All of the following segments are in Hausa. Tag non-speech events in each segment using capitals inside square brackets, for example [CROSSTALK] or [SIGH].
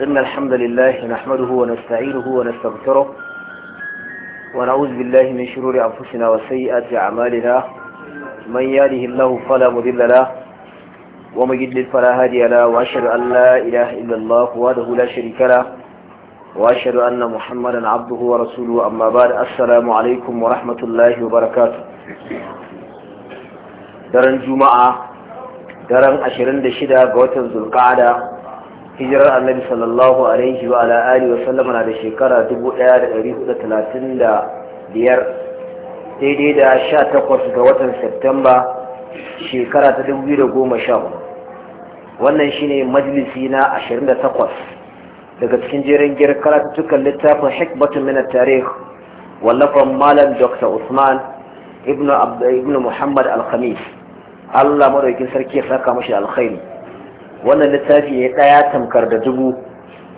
إن الحمد لله نحمده ونستعينه ونستغفره ونعوذ بالله من شرور أنفسنا وسيئات أعمالنا من يهده الله فلا مضل له ومن يضلل فلا هادي له وأشهد أن لا إله إلا الله وحده لا شريك له وأشهد أن محمدا عبده ورسوله أما بعد السلام عليكم ورحمة الله وبركاته daren juma'a daren 26 ga watan zulqa'ada hijirar annabi sallallahu alaihi wa ala alihi wa sallama na da shekara 1435 daidai da 18 ga watan Septemba shekara ta 2014 wannan shine majalisi na 28 daga cikin jerin gir karatuttukan littafin hikbatun min tarih wallafan malam Dr. Usman ibnu ibnu Muhammad al-Khamis Allah madaukin sarki ya saka mashi alkhairi wannan littafi ya ɗaya tamkar da dubu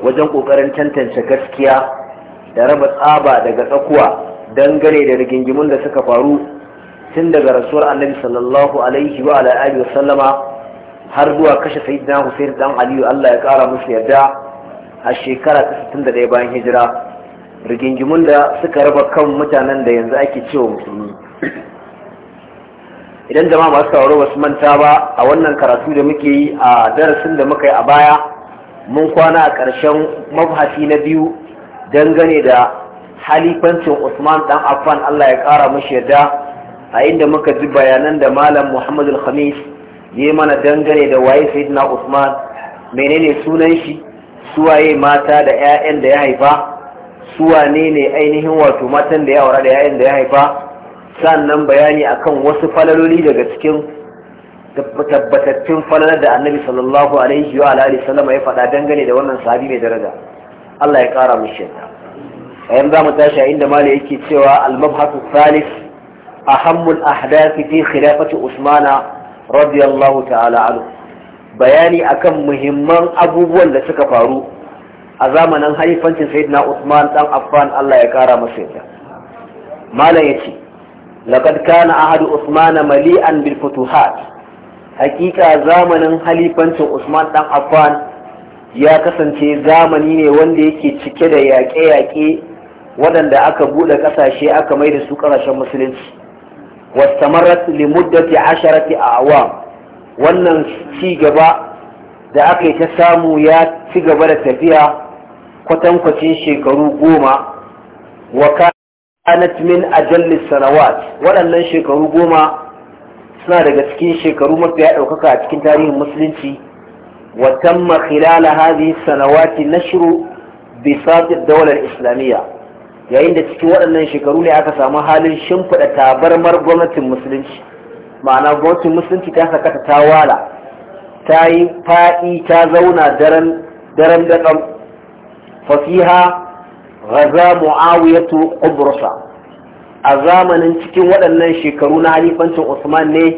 wajen ƙoƙarin tantance gaskiya da raba tsaba daga tsakuwa dangane da rigingimun da suka faru tun daga rasuwar annabi sallallahu alaihi wa alihi wa sallama har zuwa kashe sayyidina Hussein dan Aliyu Allah ya kara musu yarda a shekara ta 61 bayan hijira rigingimun da suka raba kan mutanen da yanzu ake cewa musulmi idan jama'a masu sauraro ba su manta ba a wannan karatu da muke yi a darasin da muka yi a baya mun kwana a ƙarshen mabhasi na biyu dangane da halifancin Usman dan Affan Allah ya ƙara mashi yadda a inda muka ji bayanan da Malam Muhammad Al-Khamis ya mana dangane da waye Sayyidina Usman menene sunan shi suwaye mata da 'ya'yan da ya haifa suwane ne ainihin wato matan da ya aura da 'ya'yan da ya haifa sannan bayani akan wasu falaloli daga cikin tabbatattun falalar da annabi sallallahu alaihi wa alihi sallama ya faɗa dangane da wannan sahabi mai daraja Allah ya ƙara mishi yadda ayan za mu tashi a inda mali yake cewa al-mabhasu salis ahammul al-ahdath fi khilafati usmana radiyallahu ta'ala anhu bayani akan muhimman abubuwan da suka faru a zamanin halifancin sayyidina Usman dan Affan Allah ya ƙara masa yadda malam yace laqad kana ahadu usmana mali'an bil futuhat hakika zamanin halifancin usman dan affan ya kasance zamani ne wanda yake cike da yaƙe-yaƙe waɗanda aka buɗe ƙasashe aka mai da su ƙasashen musulunci wastamarrat li muddati a awam wannan ci gaba da aka yi ta samu ya ci gaba da tafiya kwatankwacin shekaru goma wa kanat min ajallis sanawat waɗannan shekaru goma suna daga cikin shekaru mafiya ɗaukaka a cikin tarihin musulunci wa tamma khilala hadhihi sanawati nashru bisat ad-dawla islamiyya yayin da cikin waɗannan shekaru ne aka samu halin shimfiɗa tabarmar gwamnatin musulunci ma'ana gwamnatin musulunci ta sakata ta wala ta yi faɗi ta zauna daren daren daƙam fasiha gaza mu'awiyatu qubrasa a zamanin cikin waɗannan shekaru na halifancin Usman ne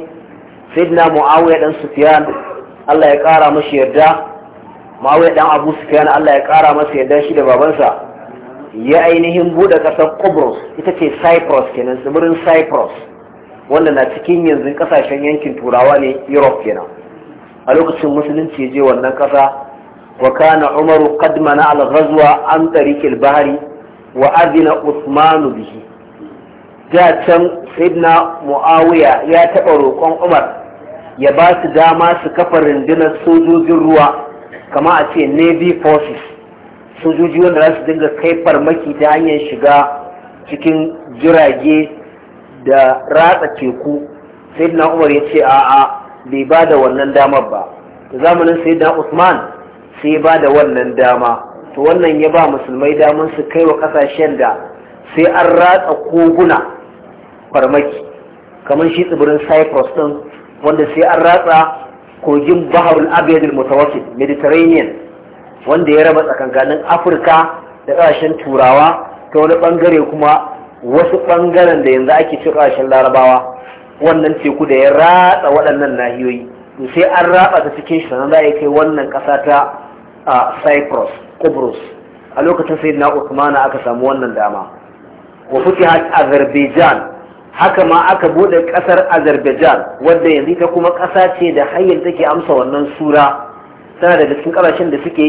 sayyidina mu'awiya dan sufyan Allah ya ƙara mashi yarda mu'awiya dan abu sufyan Allah ya ƙara masa yarda shi da babansa ya ainihin buɗe ƙasar kubrus ita ce Cyprus kenan tsibirin Cyprus wanda na cikin yanzu ƙasashen yankin turawa ne Europe kenan a lokacin musulunci ya je wannan ƙasa وكان عمر قد منع الغزو عن طريق wa وأذن Usmanu bihi da can sayyidina mu'awiya ya taɓa roƙon umar ya ba su dama su kafa rundunar sojojin ruwa kama a ce navy forces sojoji wanda za su dinga kai farmaki ta hanyar shiga cikin jirage da ratsa teku sayyidina umar ya ce a'a bai ba da wannan damar ba da zamanin sayyidina usman sai ba da wannan dama to wannan ya ba musulmai damar su kai wa kasashen da sai an ratsa koguna farmaki kamar shi tsibirin cyprus din wanda sai an ratsa kogin baharul abiyadul mutawakil mediterranean wanda ya raba tsakankanin afirka da kasashen turawa ta wani bangare kuma wasu bangaren da yanzu ake ci kasashen larabawa wannan teku da ya ratsa waɗannan nahiyoyi sai an ratsa ta cikin shi sannan za a kai wannan ƙasa ta a cyprus kubrus a lokacin sai na usmana aka samu wannan dama wa futihat azerbaijan haka ma aka bude kasar azerbaijan wadda yanzu ta kuma kasa ce da hanyar take amsa wannan sura tana da cikin kasashen da suke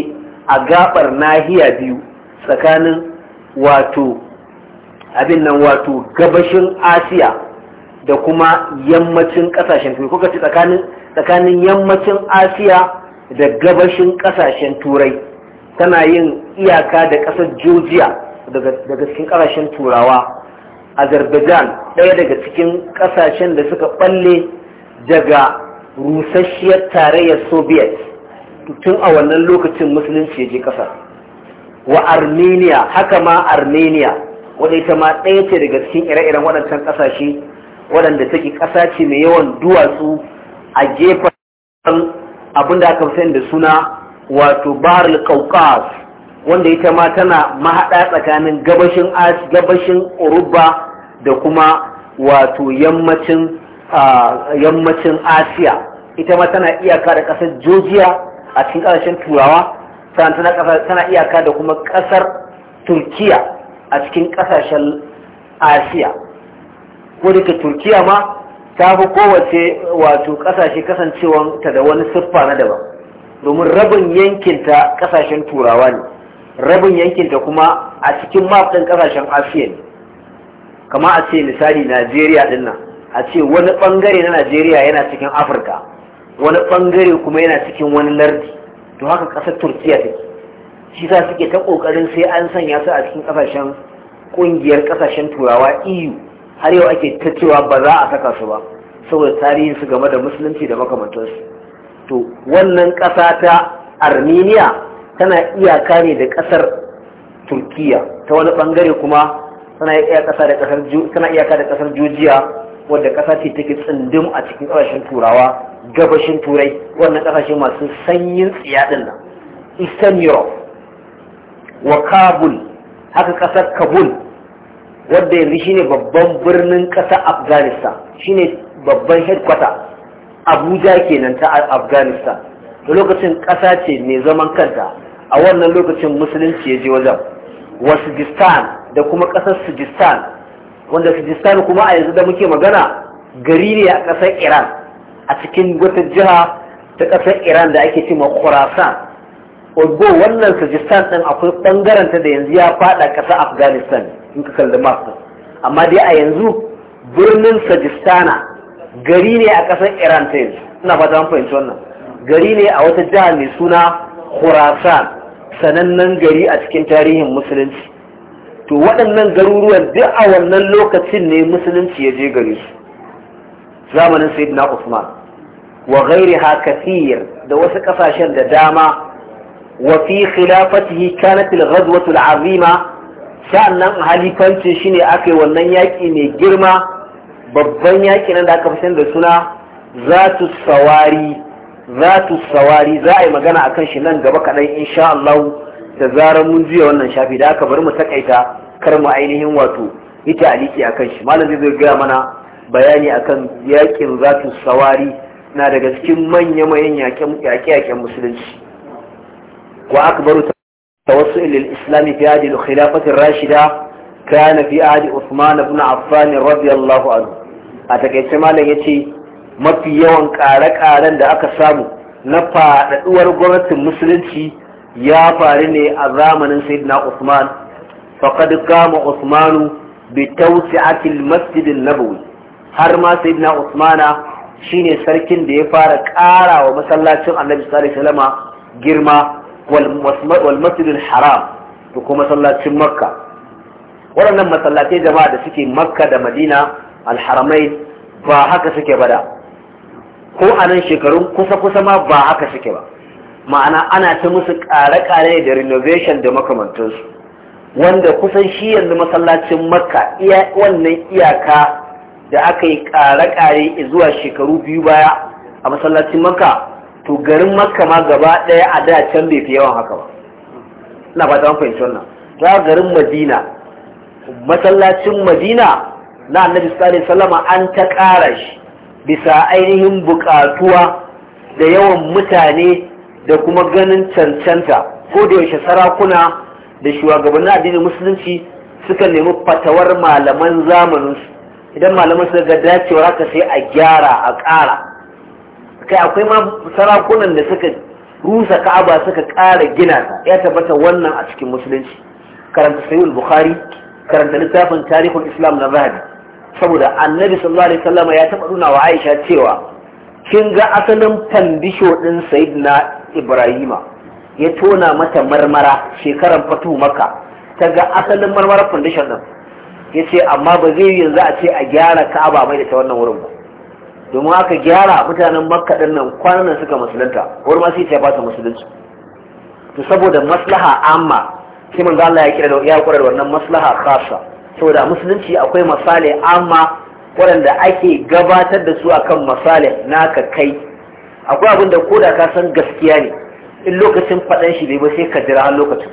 a gabar nahiya biyu tsakanin wato abin nan wato gabashin asiya da kuma yammacin kasashen turai kuka ce tsakanin tsakanin yammacin asiya da gabashin kasashen turai tana yin iyaka da kasar georgia daga cikin kasashen turawa azerbaijan ɗaya daga cikin kasashen da suka balle daga rusasshiyar tarayyar soviet tun a wannan lokacin musulunci je kasa wa armenia haka ma armenia wadda ita ma ɗaya ce daga cikin ire-iren waɗancan kasashe waɗanda take ƙasa ce mai yawan duwatsu a gefen da aka fi da suna wato bahar kaukas wanda ita ma tana mahaɗa tsakanin gabashin gabashin urubba da kuma wato yammacin yammacin asiya ita ma tana iyaka da ƙasar georgia a cikin ƙasashen turawa tana iyaka da kuma ƙasar turkiya a cikin ƙasashen asiya ko da turkiya ma ta fi kowace wato kasashe ta da wani siffa na daban domin rabin yankinta kasashen turawa ne rabin yankinta kuma a cikin mafin kasashen asiya ne kama a ce misali najeriya dinnan a ce wani bangare na najeriya yana cikin afirka wani bangare kuma yana cikin wani lardi to haka kasar turkiya take shi sa suke ta kokarin sai an sanya su a cikin kasashen kungiyar kasashen turawa eu har yau ake ta cewa ba za a saka su ba saboda tarihin su game da musulunci da makamantarsu to wannan ƙasa ta armenia tana iyaka ne da ƙasar turkiya ta wani ɓangare kuma tana iyaka da ƙasar Jojiya wadda ƙasa ce take tsindim a cikin ƙasashen turawa gabashin turai wannan ƙasashe masu sanyin tsiyaɗin nan eastern europe wa kabul haka ƙasar kabul Wanda yanzu shine babban birnin ƙasa afghanistan shine babban headquarter abuja kenan ta afghanistan a lokacin ƙasa ce mai zaman kanta a wannan lokacin musulunci ya je wajen wasijistan da kuma ƙasar sijistan wanda sijistan kuma a yanzu da muke magana gari ne a ƙasar iran a cikin wata jiha ta ƙasar iran da ake cewa khurasan ogbo wannan sijistan ɗin akwai ta da yanzu ya faɗa ƙasar afghanistan in ka kalli map amma dai a yanzu birnin sajistana gari ne a ƙasar iran ta yanzu ina fata an fahimci wannan gari ne a wata jiha mai suna khurasan sanannen gari a cikin tarihin musulunci to waɗannan garuruwan duk a wannan lokacin ne musulunci ya je gare su zamanin sayyidina usman wa ghairiha kathir da wasu ƙasashen da dama wa fi khilafatihi kanat al-ghazwatu al-azima sha'an nan halifancin shine aka yi wannan yaƙi mai girma babban yaƙi nan da aka fi da suna zatu sawari zatu sawari za a yi magana akan shi nan gaba kaɗan insha Allah da zarar mun juya wannan shafi da aka bari mu takaita kar mu ainihin wato yi aliki kan shi malam zai gaya mana bayani a kan yaƙin tu sawari na daga cikin manya-manyan yaƙe-yaƙen musulunci akbaru توسع للإسلام في هذه الخلافة الراشدة كان في عهد عثمان بن عفان رضي الله عنه أتكيت مالا يتي mafi yawan ƙare karen da aka samu na faɗaɗuwar gwamnatin musulunci ya faru ne a zamanin sayyidina Usman faqad Usmanu bi tawsi'atil masjid an-nabawi har ma sayyidina Usmana shine sarkin da ya fara ƙara wa masallacin Annabi sallallahu alaihi girma wal haram da kuma masallacin makka waɗannan masallatai jama'a da suke makka da madina alharamai ba haka suke ba ko anan nan shekarun kusa-kusa ma ba haka suke ba ma'ana ana ta musu ƙare-ƙare da renovation da makamantansu wanda kusan shi yanzu masallacin makka wannan iyaka da aka yi ƙare-ƙare zuwa shekaru biyu baya a masallacin makka to garin makka ma gaba ɗaya a da can bai fi yawan haka ba ina ba ta fahimci wannan za garin madina masallacin madina na annabi sallallahu salama an ta ƙara shi bisa ainihin buƙatuwa da yawan mutane da kuma ganin cancanta ko da yaushe sarakuna da shugabannin addinin musulunci suka nemi fatawar malaman zamaninsu idan malaman suka ga dacewa haka sai a gyara a ƙara kai akwai ma sarakunan da suka rusa ka'aba suka ƙara gina ta ya tabbata wannan a cikin musulunci karanta sayyid bukhari karanta littafin tarihin islam na zahabi saboda annabi sallallahu alaihi wasallam ya taba nuna wa aisha cewa kin ga asalin fandisho din sayyidina ibrahima ya tona mata marmara shekaran fatu maka ta ga asalin marmara fandisho din ya ce amma ba zai yanzu a ce a gyara ka'aba mai da ta wannan wurin ba domin aka gyara mutanen makka din nan kwanan suka musulunta wani masu sai ya ba su musulunci to saboda maslaha amma sai manzo Allah ya kira da ya kura wannan maslaha khassa saboda musulunci akwai masale amma waɗanda ake gabatar da su akan masale naka kai akwai abin da koda ka san gaskiya ne in lokacin faɗan shi bai ba sai ka jira har lokacin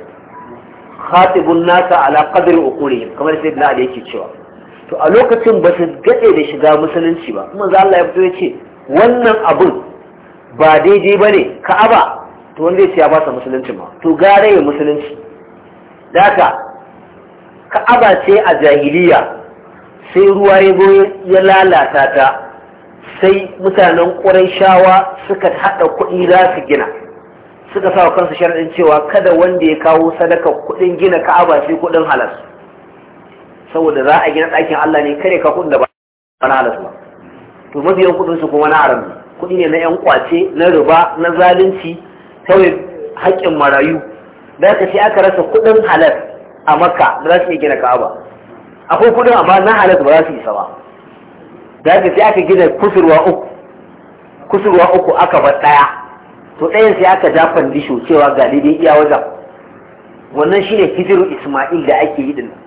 khatibun nasa ala qadri uquli kamar sai Allah yake cewa to a lokacin ba su gaɗe da shiga musulunci ba kuma za Allah ya fito ya ce wannan abun ba daidai ba ne ka'aba to wanda ya ce ya basa musulunci ba. to gare ya musulunci daga ka'aba ce a jahiliya sai ruwa ya zo ya lalata ta sai mutanen ƙwarai shawa suka haɗa kuɗi za su gina suka sa kansu sharaɗin cewa kada wanda ya kawo sadaka kuɗin gina ka'aba sai kuɗin halas saboda za a gina ɗakin Allah ne kare ka kuɗin da ba na halasu ba to mabiyan kuɗin su kuma na haram kuɗi ne na yan kwace na riba na zalunci kawai haƙƙin marayu da ka ce aka rasa kuɗin halas a makka da za su iya gina ka'aba akwai kuɗin amma na halas ba za su isa ba da ka ce aka gina kusurwa uku kusurwa uku aka bar ɗaya to ɗayan sai aka ja fandisho cewa ga daidai iya wajen wannan shine hijiru isma'il da ake yi dinnan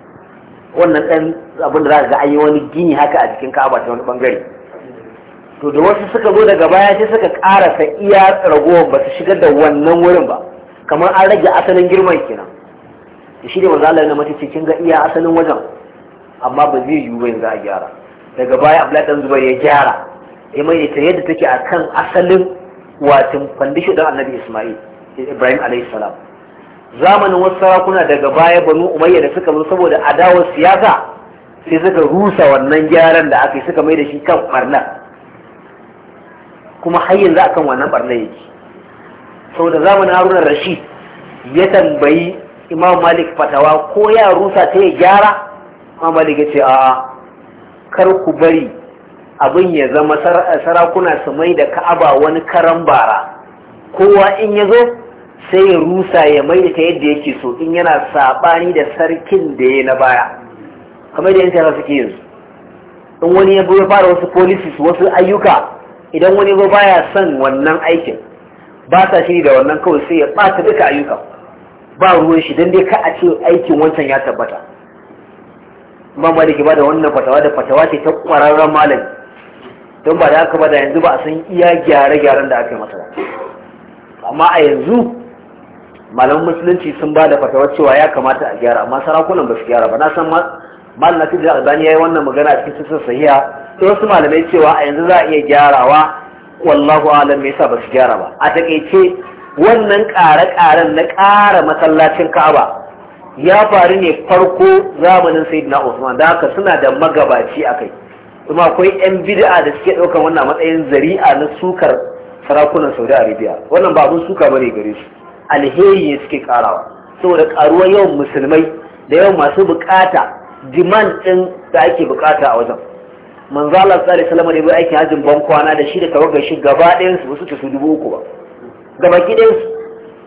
wannan ɗan abin da za ga an yi wani gini haka a jikin ka'aba ta wani bangare to da wasu suka zo daga baya sai suka karasa iya ragowar ba su shigar da wannan wurin ba kamar an rage asalin girman kenan da shi da manzo Allah mace cikin ga iya asalin wajen amma ba zai yiwu yanzu a gyara daga baya abu dan zubar ya gyara ya mai ta yadda take kan asalin watin kwandishin dan Annabi Isma'il Ibrahim alaihi salam zamanin wasu sarakuna daga baya banu umayya da suka zo saboda adawar siyasa sai suka rusa wannan gyaran da aka yi suka mai da shi kan barna kuma har yanzu akan wannan barna yake saboda zamanin haruna rashid ya tambayi imam malik fatawa ko ya rusa ta ya gyara imam malik ya ce a'a kar ku bari abin ya zama sarakuna su mai da ka'aba wani karan bara kowa in ya zo sai ya rusa ya maida ta yadda yake so in yana sabani da sarkin da ya na baya kamar da yan suke yanzu in wani ya ya fara wasu policies wasu ayyuka idan wani ba baya son wannan aikin ba ta shiri da wannan kawai sai ya bata duka ayyuka ba ruwan shi don dai ka a ce aikin wancan ya tabbata ba ma da da wannan fatawa da fatawa ce ta kwararren malami don ba da haka ba da yanzu ba a san iya gyare-gyaren da aka yi masa amma a yanzu Malamin musulunci sun ba da fatawar cewa ya kamata a gyara amma sarakunan ba su gyara ba na san malamin nasiru da albani ya yi wannan magana a cikin sassan sahiya sai wasu malamai cewa a yanzu za a iya gyarawa wallahu alam me yasa ba su gyara ba a takaice wannan ƙare-ƙaren na ƙara masallacin ka'aba ya faru ne farko zamanin sayyidina usman da haka suna da magabaci a kai kuma akwai yan bid'a da suke ɗaukar wannan matsayin zari'a na sukar sarakunan saudi arabia wannan ba abin suka bane gare su alheri suke karawa saboda karuwa yawan musulmai da yawan masu bukata diman din da ake bukata a wajen manzo Allah sallallahu alaihi wasallam da aikin hajjin ban kwana da shi da tawagar shi gaba ɗayan su su su dubu uku ba gaba ki ɗayan su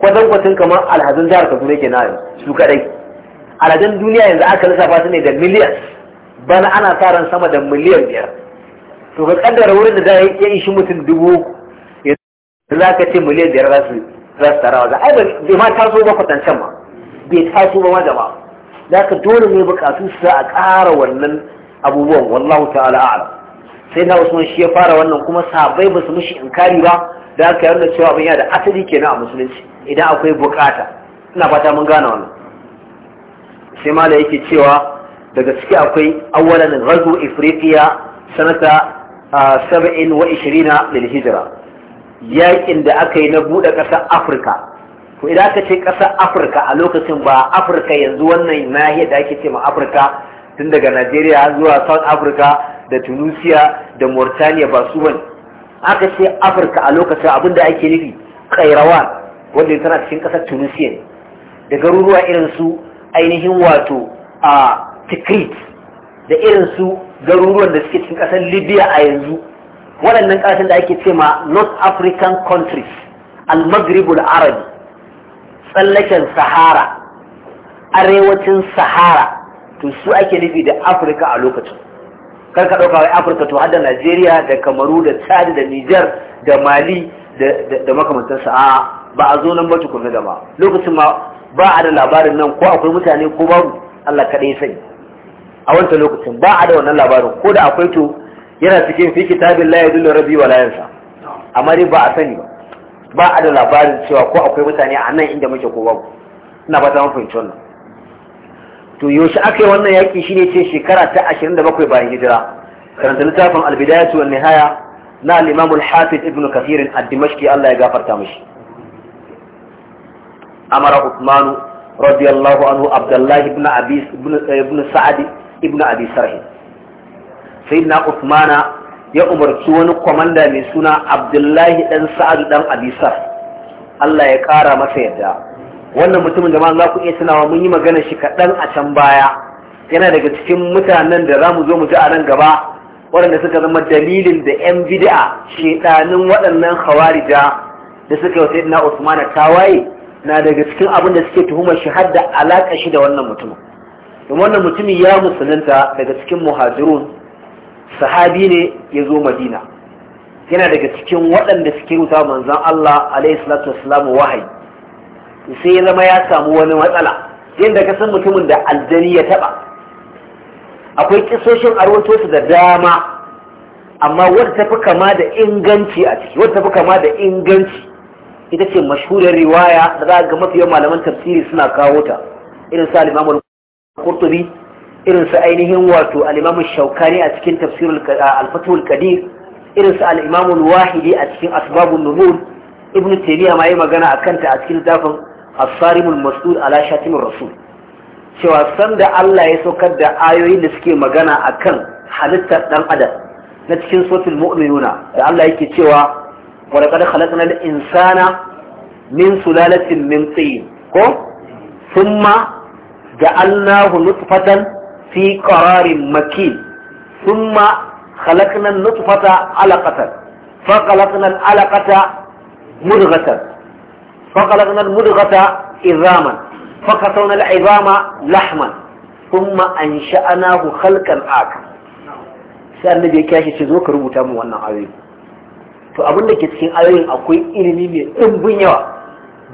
kwatan kamar alhazan jihar Kaduna ke na su kadai alhazin duniya yanzu aka lissafa su ne da miliyan bana ana sa ran sama da miliyan biyar to ka kaddara wurin da ya shi mutum dubu uku yanzu za ka ce miliyan biyar za su rassarawa za ai bai ma taso ba kwatancan ma bai taso ba ma jama'a da haka dole ne bukatu su a ƙara wannan abubuwan wallahu ta'ala a'lam sai na usman shi ya fara wannan kuma sabai ba su mishi inkari ba da haka yarda cewa abin yana da asali kenan a musulunci idan akwai bukata ina fata mun gane wannan sai mala yake cewa daga ciki akwai awwalan razu ifriqiya sanata 27 ah, lil hijra yakin da aka yi na buɗe ƙasar afirka to idan aka ce ƙasar afirka a lokacin ba afirka yanzu wannan nahiyar da ake ce ma afirka tun daga najeriya zuwa south africa da tunisia da mauritania ba su bane aka ce afirka a lokacin abin da ake nufi kairawan wanda tana cikin ƙasar tunisia ne da garuruwa irin su ainihin wato a tikrit da irin su garuruwan da suke cikin ƙasar libya a yanzu waɗannan ƙasashen da ake ce ma north african countries al-maghribul arabi tsallaken sahara arewacin sahara to su ake nufi da afirka a lokacin kar ka ɗauka wai afirka to hada najeriya da kamaru da chad da niger da mali da makamantarsa a ba a zo nan ba tukunna da ba lokacin ma ba a da labarin nan ko akwai mutane ko babu allah kaɗai sani a wancan lokacin ba a da wannan labarin ko da akwai to yana cikin fi kitabin la yadullu rabi wa amma dai ba a sani ba ba a da labarin cewa ko akwai mutane a nan inda muke ko babu ina ba ta mun fahimci wannan to yaushe aka yi wannan yaki shine ce shekara ta 27 bayan hijira karanta littafin al-bidayatu wan nihaya na al-imam al-hafiz ibn kathir ad-dimashqi Allah ya gafarta mishi amara Uthman radiyallahu anhu Abdullah ibn Abi ibn eh, Sa'd ibn Abi sayyidina usmana ya umarci wani kwamanda mai suna abdullahi dan sa'ad dan abisar Allah ya kara masa yadda wannan mutumin da ma za ku iya tunawa mun yi magana shi kaɗan a can baya yana daga cikin mutanen da za mu zo mu ji a nan gaba waɗanda suka zama dalilin da 'yan bid'a shedanin waɗannan khawarija da suka yi sayyidina usman waye na daga cikin abin da suke tuhumar shi har da alaƙa shi da wannan mutumin domin wannan mutumin ya musulunta daga cikin muhajirun sahabi ne ya zo madina yana daga cikin waɗanda suke wuta manzan Allah A.S.W. wahayi sai ya zama ya samu wani matsala yadda ka san mutumin da aljani ya taɓa akwai kisoshin arwato su da dama amma wata tafi kama da inganci a ciki wadda tafi kama da inganci ita ce mashhurar riwaya da za ga mafi malaman tafsiri suna kawo ta irin sa al-Imam qurtubi irin su ainihin wato al-Imam Shawkani a cikin tafsirul al-Fathul Qadir irin su al-Imam al-Wahidi a cikin Asbabun Nuzul ibnu Taymiyyah ma yi magana akan ta a cikin zafin As-Sarimul Mas'ud ala Shatimur Rasul cewa sanda Allah ya saukar da ayoyin da suke magana akan halittar dan adam na cikin suratul mu'minuna da Allah yake cewa wa laqad khalaqnal insana min sulalatin min tin ko thumma ja'alnahu nutfatan fi qararin makin thumma khalaqna an-nutfata alaqatan fa khalaqna al-alaqata mudghatan fa khalaqna al-mudghata idhaman fa kasawna sai annabi ya kiyashi ce zo ka rubuta mu wannan ayoyi to abin da ke cikin ayoyin akwai ilimi mai ɗumbin yawa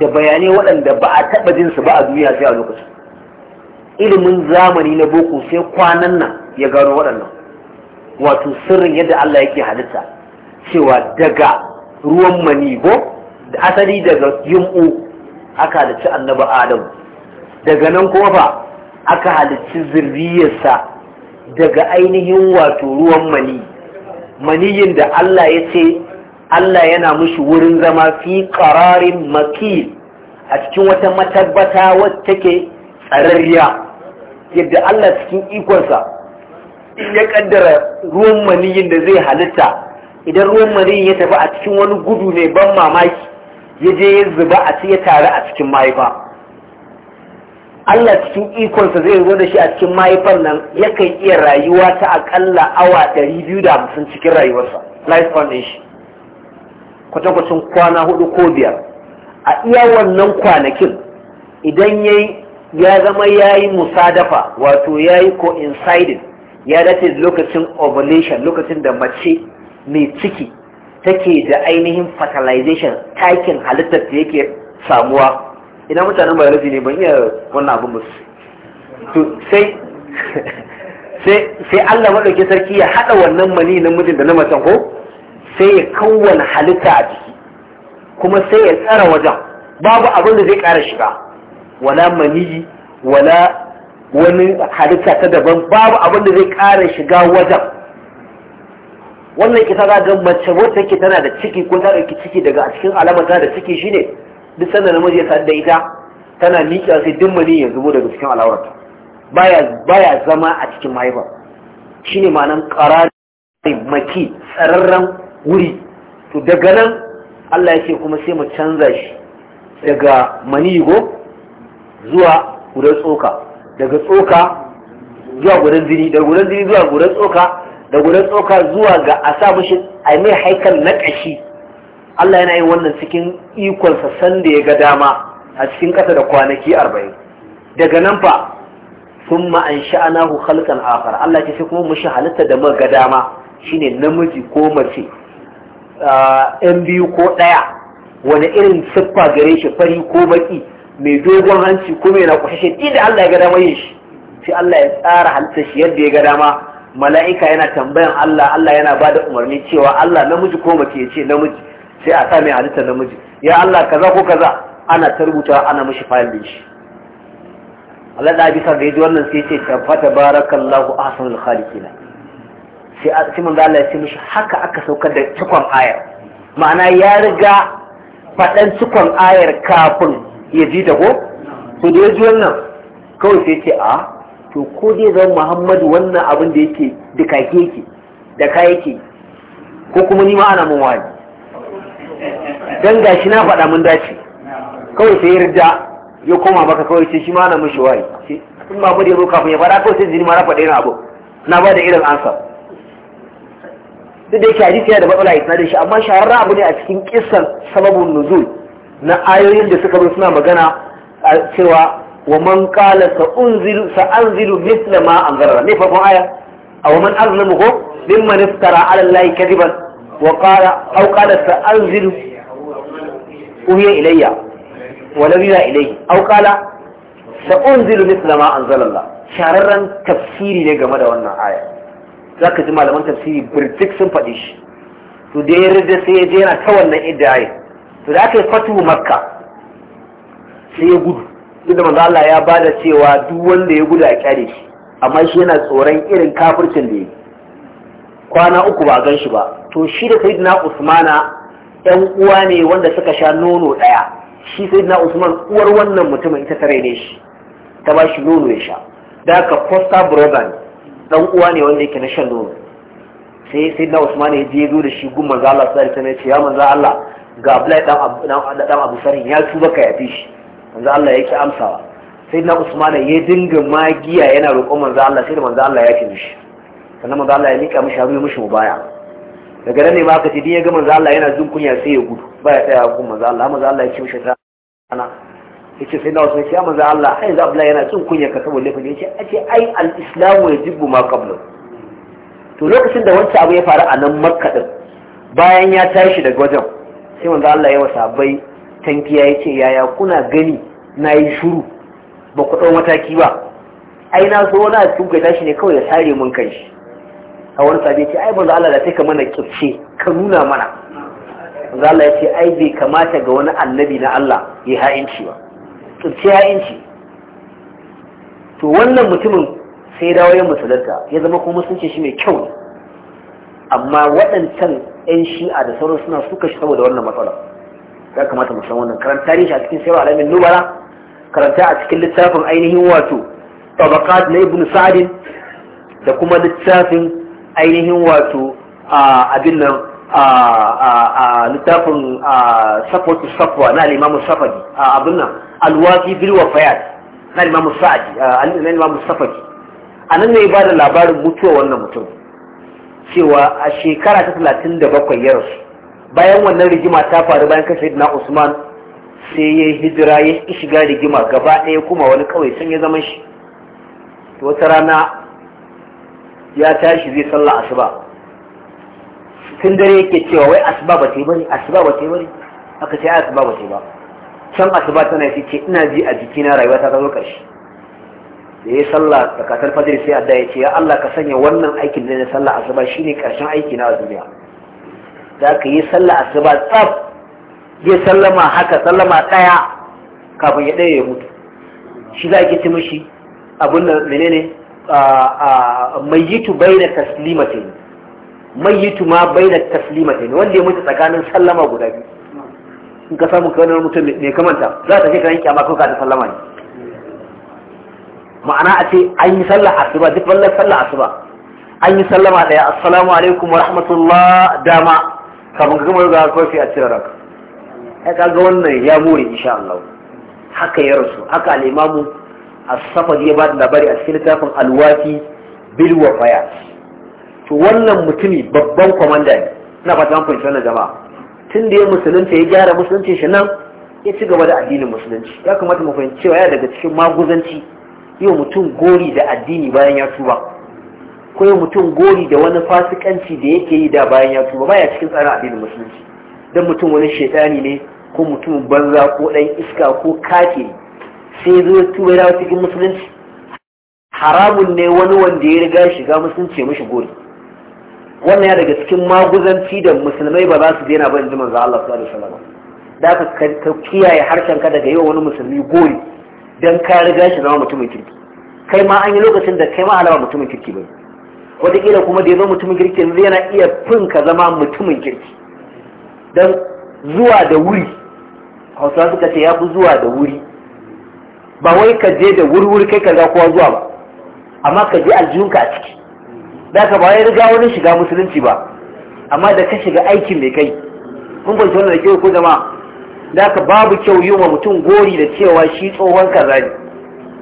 da bayanai waɗanda ba a taɓa jin su ba a duniya sai a lokacin ilimin zamani na boko sai kwanan nan ya gano waɗannan wato sirrin yadda Allah yake halitta cewa daga ruwan manibo da asali daga yin'u aka halicci annabi adam daga nan kuma ba aka halicci zirriyarsa daga ainihin wato ruwan mani maniyin da Allah ya ce Allah yana mushi wurin zama fi ƙararin makil a cikin wata matabbata wacce take tsararriya yadda Allah cikin ikonsa ya kaddara ruwan maniyin da zai halitta idan ruwan maniyin ya tafi a cikin wani gudu ne ban mamaki ya je ya zuba a ya tare a cikin mahaifa Allah cikin ikonsa zai zo da shi a cikin mahaifar nan yakan iya rayuwa ta akalla awa 250 cikin rayuwarsa life foundation shi kwata-kwacin kwana hudu ko biyar a iya wannan kwanakin idan ya yi ya zama ya yi musadafa wato ya yi coinciding ya dace lokacin ovulation lokacin da mace mai ciki take da ainihin fertilization takin halittar da yake samuwa ina mutanen biology ne ban iya wannan abin ba to sai [LAUGHS] sai Allah madauke sarki ya hada wannan mani na mijin da na macen ko sai ya kawwana halitta a ciki kuma sai ya tsara wajen babu abin da zai kara shiga wala maniyi wala wani halitta ta daban babu abin da zai ƙara shiga wajen wannan ita za ga mace wata ke tana da ciki ko ta ɗauki ciki daga a cikin alamar tana da ciki shine duk sanda namiji ya da ita tana miƙa sai duk mani ya zubo daga cikin alawarta baya baya zama a cikin mahaifa shine ma'anan ƙarar maki tsararren wuri to daga nan Allah ya ce kuma sai mu canza shi daga mani go zuwa gudan tsoka daga tsoka zuwa gudan zini, daga gudan zini, zuwa gudan tsoka da gudan tsoka zuwa ga a sa mishi a mai haikal na ƙashi Allah yana yi wannan cikin ikonsa sanda ya ga dama a cikin ƙasa da kwanaki arba'in daga nan fa sun ma'an sha'anahu halkan akhar Allah ce sai kuma mu shi halitta da maga dama shine namiji ko mace ah, yan biyu ko ɗaya wani irin siffa gare shi fari ko baki mai dogon hanci ko mai na kwashe inda Allah ya ga dama yin shi sai Allah ya tsara halittar shi yadda ya ga dama mala'ika yana tambayan Allah Allah yana ba da umarni cewa Allah namiji ko mace yace namiji sai a sa mai halittar namiji ya Allah kaza ko kaza ana tarbuta ana mishi fayil din shi Allah da bisa da yaji wannan sai ya ce tabbata barakallahu ahsanul khaliqin sai sai manzo Allah ya ce mishi haka aka saukar da cikon ayar ma'ana ya riga faɗan cikon ayar kafin Ya ji ta ko ko da ya ji wannan kawai sai ce a to ko dai zan muhammadu wannan abin da yake da kake yake da ka yake ko kuma ni ma ana mun wani dan gashi na faɗa mun dace kawai sai ya rida ya koma baka kawai sai shi ma ana shi wani ce in ba ya zo kafin ya faɗa kawai sai jini ma na faɗa yana abu na ba da irin ansa duk da yake hadisi yana da matsala isnadin shi amma shahararra abu ne a cikin kissan sababin nuzul na ayoyin da suka bin suna magana a cewa wa man kala sa misla ma an zarara ma ne farkon aya A wa man azlamu ko mimman iftara ala allahi kadiban wa kala aw kala sa'anzilu anzilu uhiya ilayya wa nabira ilayhi aw kala sa misla ma an zarara Shararren tafsiri ne game da wannan aya Za ka ji malaman tafsiri birtik sun faɗi shi to da ya rida sai ya je yana ta wannan idda to da aka yi fatu makka sai ya gudu inda da manzo Allah ya bada cewa duk wanda ya gudu a kyare shi amma shi yana tsoron irin kafircin da yake kwana uku ba gan shi ba to shi da sayyidina Usmana ɗan uwa ne wanda suka sha nono ɗaya shi sayyidina Usman uwar wannan mutumin ita tare ne shi ta ba shi nono ya sha da aka foster brother ɗan uwa ne wanda yake na shan nono sai sayyidina Usman ya je zo da shi gun manzo Allah sallallahu alaihi wasallam ya ce ya manzo Allah ga Abdullahi dan dan Abu Sarin ya tuba ka yafi shi manzo Allah yake amsawa sai na Usman ya dinga magiya yana roƙon manzo Allah sai da manzo Allah ya kimi shi sannan manzo Allah ya mika mishi hannu mishi mubaya daga nan ne ma aka ce din ya ga manzo Allah yana jin kunya sai ya gudu ba ya tsaya kun manzo Allah manzo Allah ya ce shi sana yace sai na Usman ya manzo Allah ai za Abdullahi yana jin kunya ka saboda laifin yace ace ai al-islamu yajibu ma qabla to lokacin da wancan abu ya faru a nan makka din bayan ya tashi daga wajen sai wanzu Allah ya wasa bai tankiya ce yaya kuna gani nayi shuru ba ku ɗau mataki ba ai na zo na tuga tashi ne kawai ya sare mun kai shi a wani sabi ce ai manzo Allah da sai ka mana kirce ka nuna mana wanzu Allah ya ce ai bai kamata ga wani annabi na Allah ya ha'inci ba kirce ha'inci to wannan mutumin sai dawo ya musulunta ya zama kuma ce shi mai kyau ne. amma waɗancan 'yan shi'a da sauran suna suka shi saboda wannan matsala ya kamata mu san wannan karanta shi a cikin sayarwa alamin nubala karanta a cikin littafin ainihin wato tabakat na ibn sa'adin da kuma littafin ainihin wato abin nan littafin safwatu safwa na limamu safadi a abin nan Al-Wafi bil wafayat na limamu sa'adi na limamu safadi Anan nan ne ba da labarin mutuwa wannan mutum cewa a shekara ta talatin da bakwai ya rasu bayan wannan rigima ta faru bayan kashe na usman sai ya hijira ya shiga rigima gaba ɗaya kuma wani kawai sun ya zama shi wata rana ya tashi zai sallah asuba tun dare yake cewa wai asuba ba ta yi bari asuba ba ta yi bari aka ce asuba ba ta yi ba can asuba tana ce ina ji a jikina rayuwa ta zo ƙarshe da ya sallah da katar fajr sai adda ya ce ya Allah ka sanya wannan aikin da ya sallah asuba shine karshen aiki na duniya da ka yi sallah asuba tsaf ya sallama haka sallama daya kafin ya daya ya mutu shi za ki ci mishi abun nan menene mayyitu baina taslimatain mayyitu ma baina taslimatain wanda ya mutu tsakanin sallama guda biyu in ka samu kawai mutum mai kamanta za ta kai kan yanke amma kuka da sallama ne ma'ana a ce an yi sallah asuba duk wallar sallah asuba an yi sallama daya assalamu alaikum wa rahmatullah dama kafin ka gama ga kofi a cire raka ya kaga wannan ya more insha Allah haka ya rasu haka al-imamu as ya bada labari a cikin littafin al-wafi bil wafaya to wannan mutumi babban komanda ne ina fata an fahimci wannan jama'a tun da ya musulunta ya gyara musulunci shi nan ya ci gaba da addinin musulunci ya kamata mu fahimci cewa ya daga cikin maguzanci yau mutum gori da addini bayan ya tuba ko yau mutum gori da wani fasikanci da yake yi da bayan ya tuba baya cikin tsarin addinin musulunci dan mutum wani shaitani ne ko mutum banza ko dan iska ko kafiri sai zo tuba da cikin musulunci haramun ne wani wanda ya riga shiga musulunci mishi gori wannan ya daga cikin maguzanci da musulmai ba za su daina ba in ji manzo Allah sallallahu alaihi wasallam da ka kiyaye harshen ka daga yau wani musulmi gori Don ka riga shi zama mutumin kirki kai ma an yi lokacin da kai ma alama mutumin kirki bai wataƙila kuma da ya zama mutumin kirki yanzu yana iya fin ka zama mutumin kirki don zuwa da wuri hausawa suka ce ya fi zuwa da wuri ba wai ka je da wuri-wuri kai ka ga kowa zuwa ba amma ka je aljihunka a ciki da ka ba ya riga wani shiga musulunci ba amma da ka shiga aikin mai kai kun kwanci wannan da ke ko jama'a da ka babu kyau yi wa mutum gori da cewa shi tsohon kaza ne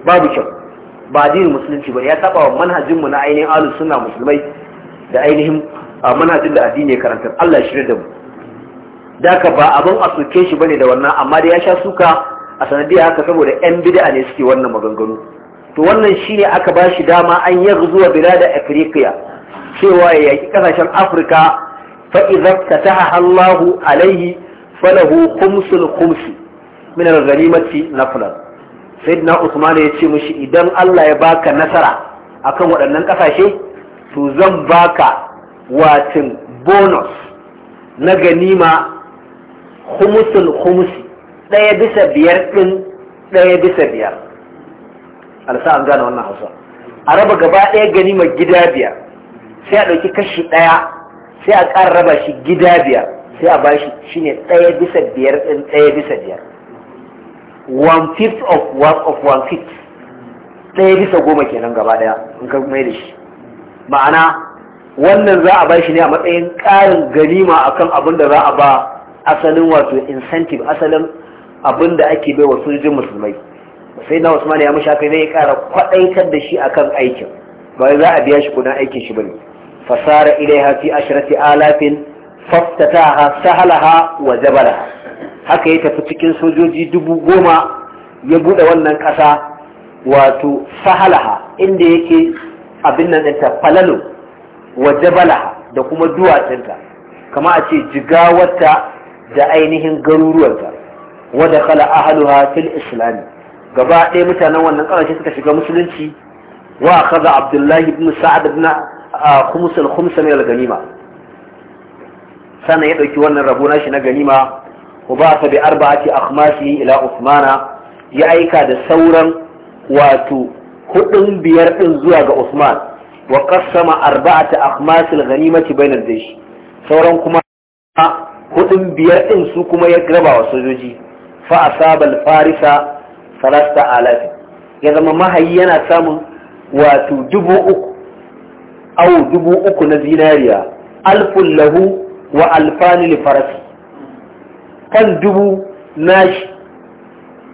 babu kyau ba dini musulunci ba ya taɓa wa manhajinmu na ainihin ahlus suna musulmai da ainihin manhajin da addini ya karantar Allah shirya da mu da ka ba abin a soke shi bane da wannan amma da ya sha suka a sanadiyar haka saboda yan bid'a ne suke wannan maganganu to wannan shine aka ba shi dama an yi zuwa bilada afirka cewa ya yaki kasashen afirka fa idza fataha Allahu alaihi falahu kumsul kumsi min al-ghanimati nafulan sayyidina usman ya ce mishi idan Allah ya baka nasara akan waɗannan ƙasashe to zan baka watin bonus na ganima khumusul humsi ɗaya bisa biyar ɗin ɗaya bisa biyar alsa an gane wannan hausa a raba gaba ɗaya ganima gida biyar sai a ɗauki kashi ɗaya sai a ƙara raba shi gida biyar sai a bashi shine ɗaya bisa biyar ɗin ɗaya bisa biyar one fifth of one of one fifth ɗaya bisa goma kenan gaba ɗaya in ka mai da shi ma'ana wannan za a bashi ne a matsayin ƙarin ganima akan abin da za a ba asalin wato incentive asalin abin da ake bai wa sojojin musulmai sai na usman ya mashi haka zai ƙara kwaɗaitar da shi akan aikin ba za a biya shi kudin aikin shi bane fasara ilaiha fi ashrati alafin faftataha sahalaha wa jabalaha haka ya tafi cikin sojoji dubu goma ya buɗe wannan ƙasa wato sahalaha inda yake abin nan ɗinta falalo wa jabalaha da kuma duwatsinta kama a ce jigawarta da ainihin garuruwarta wadda kala ahaluha fil islami gaba ɗaya mutanen wannan ƙasashe suka shiga musulunci wa kaza abdullahi ibn sa'ad ibn ah, khums al al-ganima sannan ya ɗauki wannan rabo nashi na ganima wa ba ta bi arba'ati akhmashi ila usmana ya aika da sauran wato hudun biyar din zuwa ga usman wa qassama arba'ata akhmasil ghanimati bainar jaysh sauran kuma hudun biyar din su kuma ya raba wa sojoji fa asabal farisa salasta alaf ya zama mahayi yana samun wato dubu uku au dubu uku na zinariya alfun lahu wa alfanil farasi kan dubu nashi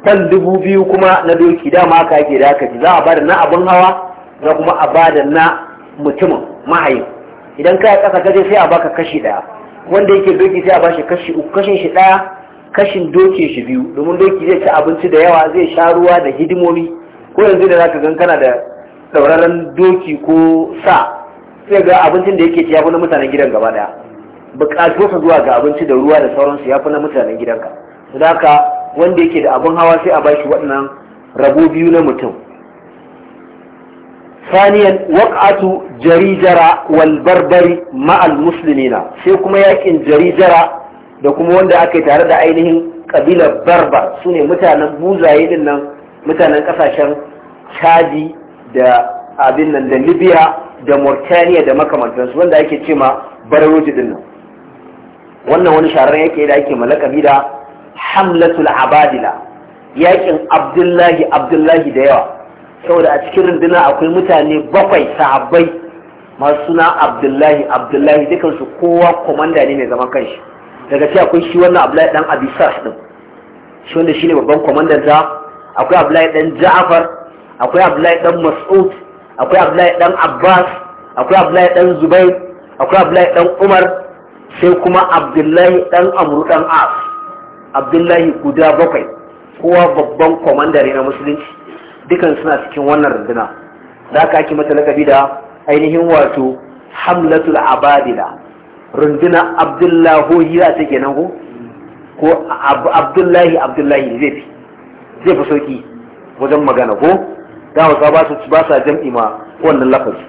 kan dubu biyu kuma na doki dama aka yake da aka ji za a ba da na abin hawa za kuma a ba da na mutumin mahayin idan ka yi kasa gaje sai a baka kashi daya wanda yake doki sai a ba shi kashi uku kashin shi daya kashin doki shi biyu domin doki zai ci abinci da yawa zai sha ruwa da hidimomi ko yanzu da zaka gan kana da dauraren doki ko sa sai ga abincin da yake ci ya na mutanen gidan gaba daya bukatu su zuwa ga abinci da ruwa da sauransu ya fi na mutanen gidanka su daka wanda yake da abin hawa sai a ba shi waɗannan rabo biyu na mutum ثانيا وقعة جريجرة ma'al musulmina sai kuma yakin جريجرة da kuma wanda aka yi tare da ainihin kabilar barba su ne mutanen buzaye din nan mutanen ƙasashen chadi da abin nan da libya da mortaniya da makamantansu wanda ake ce ma bararoji nan wannan wani sharar yake da ake malakabi da hamlatul abadila yakin abdullahi abdullahi da yawa saboda a cikin runduna akwai mutane bakwai sahabbai masu suna abdullahi abdullahi dukansu kowa komanda ne mai zaman kanshi daga ce akwai shi wannan abdullahi dan abisar din shi wanda shine babban komandan ta akwai abdullahi dan ja'far akwai abdullahi dan mas'ud akwai abdullahi dan abbas akwai abdullahi dan zubair akwai abdullahi dan umar sai kuma abdullahi dan amuru dan as abdullahi guda bakwai kowa babban kwamandare na musulunci dukan suna cikin wannan runduna za ka ake mata lakabi da ainihin wato hamlatul abadila runduna abdullahi za ta kenan ko ko abdullahi abdullahi zai zai fi sauki wajen magana ko da wasa ba su ba sa jam'i ma wannan lafazi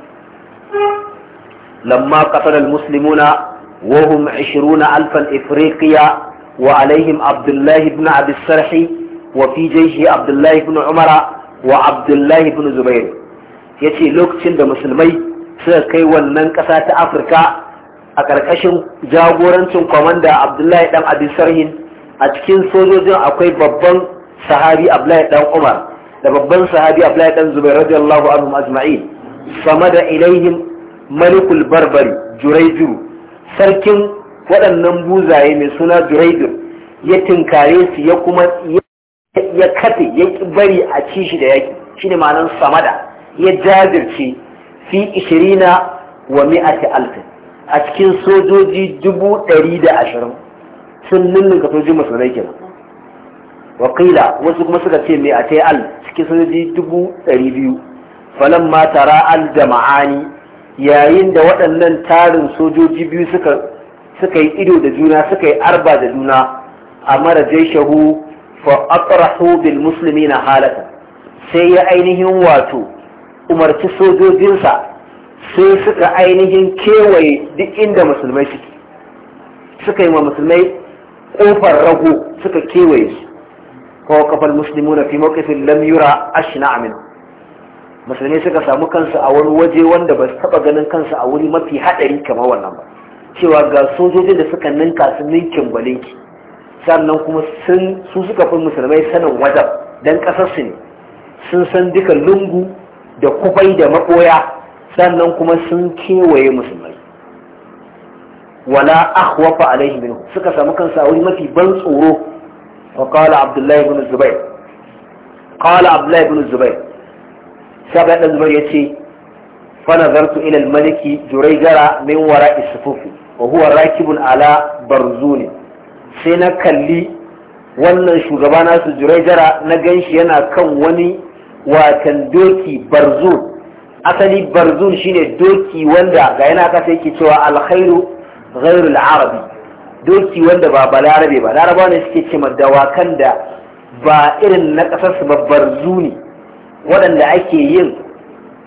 lamma qatal al muslimuna وهم عشرون ألفا إفريقيا وعليهم عبد الله بن عبد السرح وفي جيشه عبد الله بن عمر وعبد الله بن زبير يتي لوكتين ده مسلمي سكي ونن كسات أفريقيا a ƙarƙashin jagorancin kwamanda abdullahi dan abi a cikin sojojin akwai babban sahabi abdullahi dan umar da babban sahabi abdullahi dan zubair radiyallahu anhu ajma'in sama da ilaihim malikul barbari juraiju sarkin waɗannan buzaye mai suna duraidur ya tinkare su ya kuma ya kafe ya bari a ci shi da yaki shine ma'anar samada ya jajirce fi ishirina wa mi'ati alfin a cikin sojoji dubu ɗari da ashirin sun ninninka sojin musulmai kenan wakila wasu kuma suka ce mi'atai al cikin sojoji dubu ɗari biyu falan ma tara al jama'ani yayin da waɗannan tarin sojoji biyu suka yi ido da juna suka yi arba da juna a mara shahu, fa aqrahu bil muslimina halata sai ya ainihin wato umarci sojojinsa sai suka ainihin kewaye duk inda musulmai suke suka yi wa musulmai kofar rago suka kewaye su kawo kafal muslimu na fi mawqifin lam yura ashna min musulmi suka samu kansu a wani waje wanda ba su taba ganin kansu a wuri mafi hadari kamar wannan ba cewa ga sojojin da suka ninka su ninkin balinki sannan kuma sun su suka fi musulmai sanin wajen dan kasar su ne sun san duka lungu da kufai da maboya sannan kuma sun kewaye musulmai wala akhwafa alaihi minhu suka samu kansu a wuri mafi ban tsoro wa qala abdullahi ibn zubair qala abdullahi ibn zubair shaban da zubar ya ce fanazartu ila maliki juraigara min wara isufufi wa huwa rakibun ala barzuni sai na kalli wannan shugaba nasu juraigara na ganshi yana kan wani watan doki barzun asali barzun shine doki wanda ga yana kasa yake cewa alkhairu ghairul arabi doki wanda ba balarabe ba larabawa ne suke ce dawakan da ba irin na kasar su ba barzuni waɗanda ake yin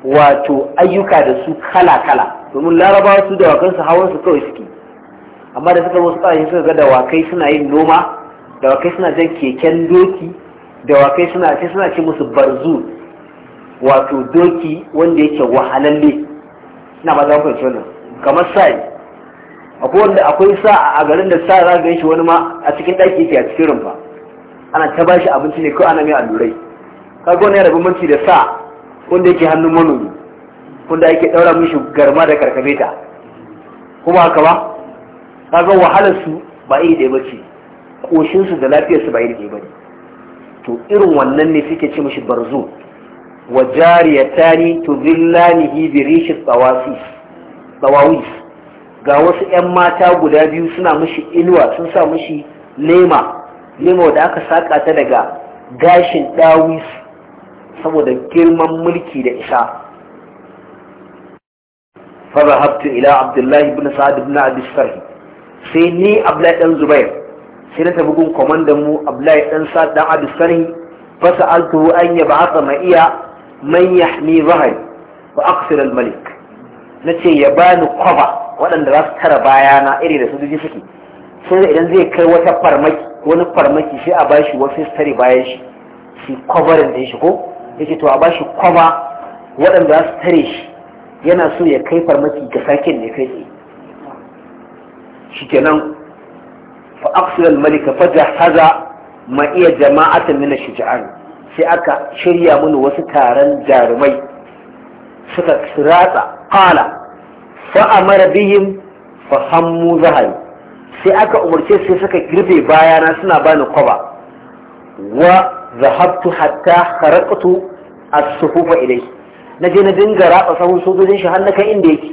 wato ayyuka da su kala-kala domin larabawa su da wakansu hawan su kawai suke amma da suka wasu ƙasashe suka ga dawakai suna yin noma dawakai suna jan keken doki dawakai suna ce suna ce musu barzu wato doki wanda yake wahalalle ina ba za ku fahimci wannan kamar sa'i akwai wanda akwai sa a garin da sa za ga shi wani ma a cikin ɗaki yake a cikin rumfa ana ta bashi abinci ne ko ana mai allurai kaga ya rabu manci da sa wanda yake hannun manomi wanda yake daura mishi garma da karkame ta kuma haka ba kaga wahalar su ba iri ɗaya bace koshin da lafiyarsu a ba da ɗaya bane to irin wannan ne suke ce mishi barzo wa jariyatani tuzillanihi bi rishi tsawawis ga wasu 'yan mata guda biyu suna mishi inuwa sun sa mishi lema lema da aka saka ta daga gashin dawis saboda girman mulki da isa farhabtu ila abdullahi ibn sa'ad ibn abi sai ni abdullahi dan zubair sai na tafi gun komandan mu abdullahi dan sa'ad dan abi fa an yab'atha ma iya man yahmi wa aqsir al malik nace ya bani kwaba waɗanda za su tara bayana iri da sojoji suke sai idan zai kai wata farmaki wani farmaki sai a bashi wasu tare bayan shi shi kwabarin din shi ko yake to a bashi kwaba waɗanda za su tare shi yana so ya kai farmaki ga sakin ne kai tsaye shikenan fa aqsal malika malik haza ma iya jama'atan min ja'an, sai aka shirya mini wasu taron jarumai suka ratsa qala fa amara bihim fa hammu zahari sai aka umarce sai suka girbe bayana suna bani kwaba wa zahabtu hatta kharaqtu as-sufufa ilayhi naje na dinga ratsa sahun sojojin shi har inda yake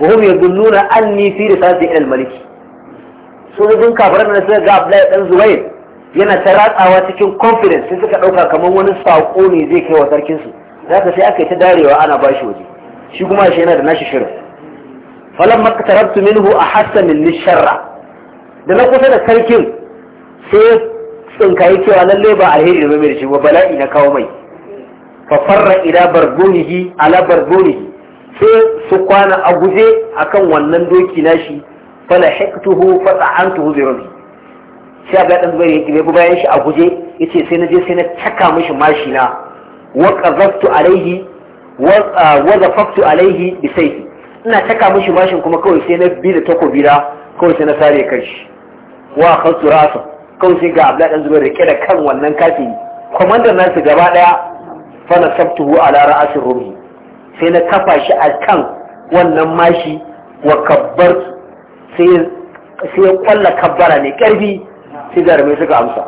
wa hum yadulluna anni fi risalati ila al-malik sojojin kafar da suka ga Abdullahi dan Zubair yana ta ratsawa cikin confidence sai suka dauka kamar wani sako ne zai kai wa sarkin su zaka sai aka yi ta darewa ana bashi waje shi kuma shi yana da nashi shirin falamma qatarabtu minhu ahassa min sharra da na kusa da sarkin sai yi cewa lalle ba alheri da mai da shi ba bala'i na kawo mai fa farra ila barbunihi ala barbunihi sai su kwana a guje akan wannan doki nashi fala hiktuhu fa ta'antuhu bi rabbi sai ga dan zubair yake bai bayan shi a guje yace sai na je sai na caka mishi mashi na wa qazaftu alaihi wa zafaftu alaihi bi sayfi ina caka mishi mashin kuma kawai sai na bi da takobira, kawai sai na sare kai shi wa khasu ra'sa kawai sai ga abu ɗan zubair rike da kan wannan kafi kwamandan nasu gaba daya fa a lara asin rumi sai na kafa shi a kan wannan mashi wa kabbar sai ya kwalla kabbara mai karfi sai rame suka amsa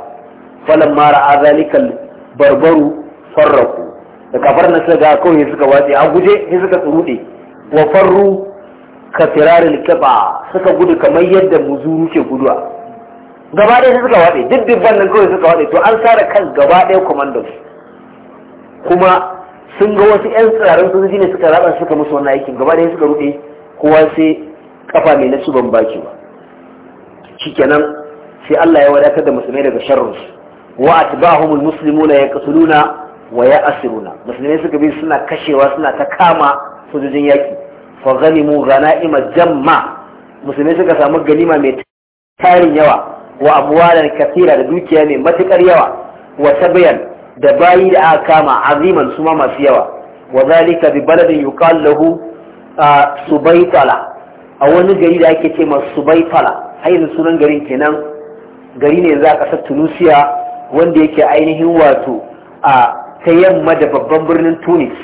falon mara a zalikan barbaru farraku da kafar na suka ga kawai suka watse a guje sai suka tsurude wa farru ka firarin kaba suka gudu kamar yadda muzuru ke guduwa gaba ɗaya su suka waɗe duk dubban nan kawai suka waɗe to an sare kan gaba ɗaya commandos kuma sun ga wasu 'yan tsirarin sojoji ne suka raba suka musu wannan aikin gaba ɗaya suka ruɗe kowa sai kafa mai nasu ban baki ba shikenan sai Allah ya wadatar da musulmai daga sharrin wa atba'ahumul muslimuna yaqtuluna wa ya'siruna musulmai suka bi suna kashewa suna ta kama sojojin yaki fa ghanimu ghanaima jamma musulmai suka samu ganima mai tarin yawa wa amwalan kasira da dukiya mai matukar yawa wa sabiyan da bayi da aka kama aziman su ma masu yawa wa zalika bi baladin yuqal lahu subaytala a wani gari da ake ce masa subaytala har yanzu sunan garin kenan gari ne yanzu a kasar tunisia wanda yake ainihin wato a ta yamma da babban birnin tunis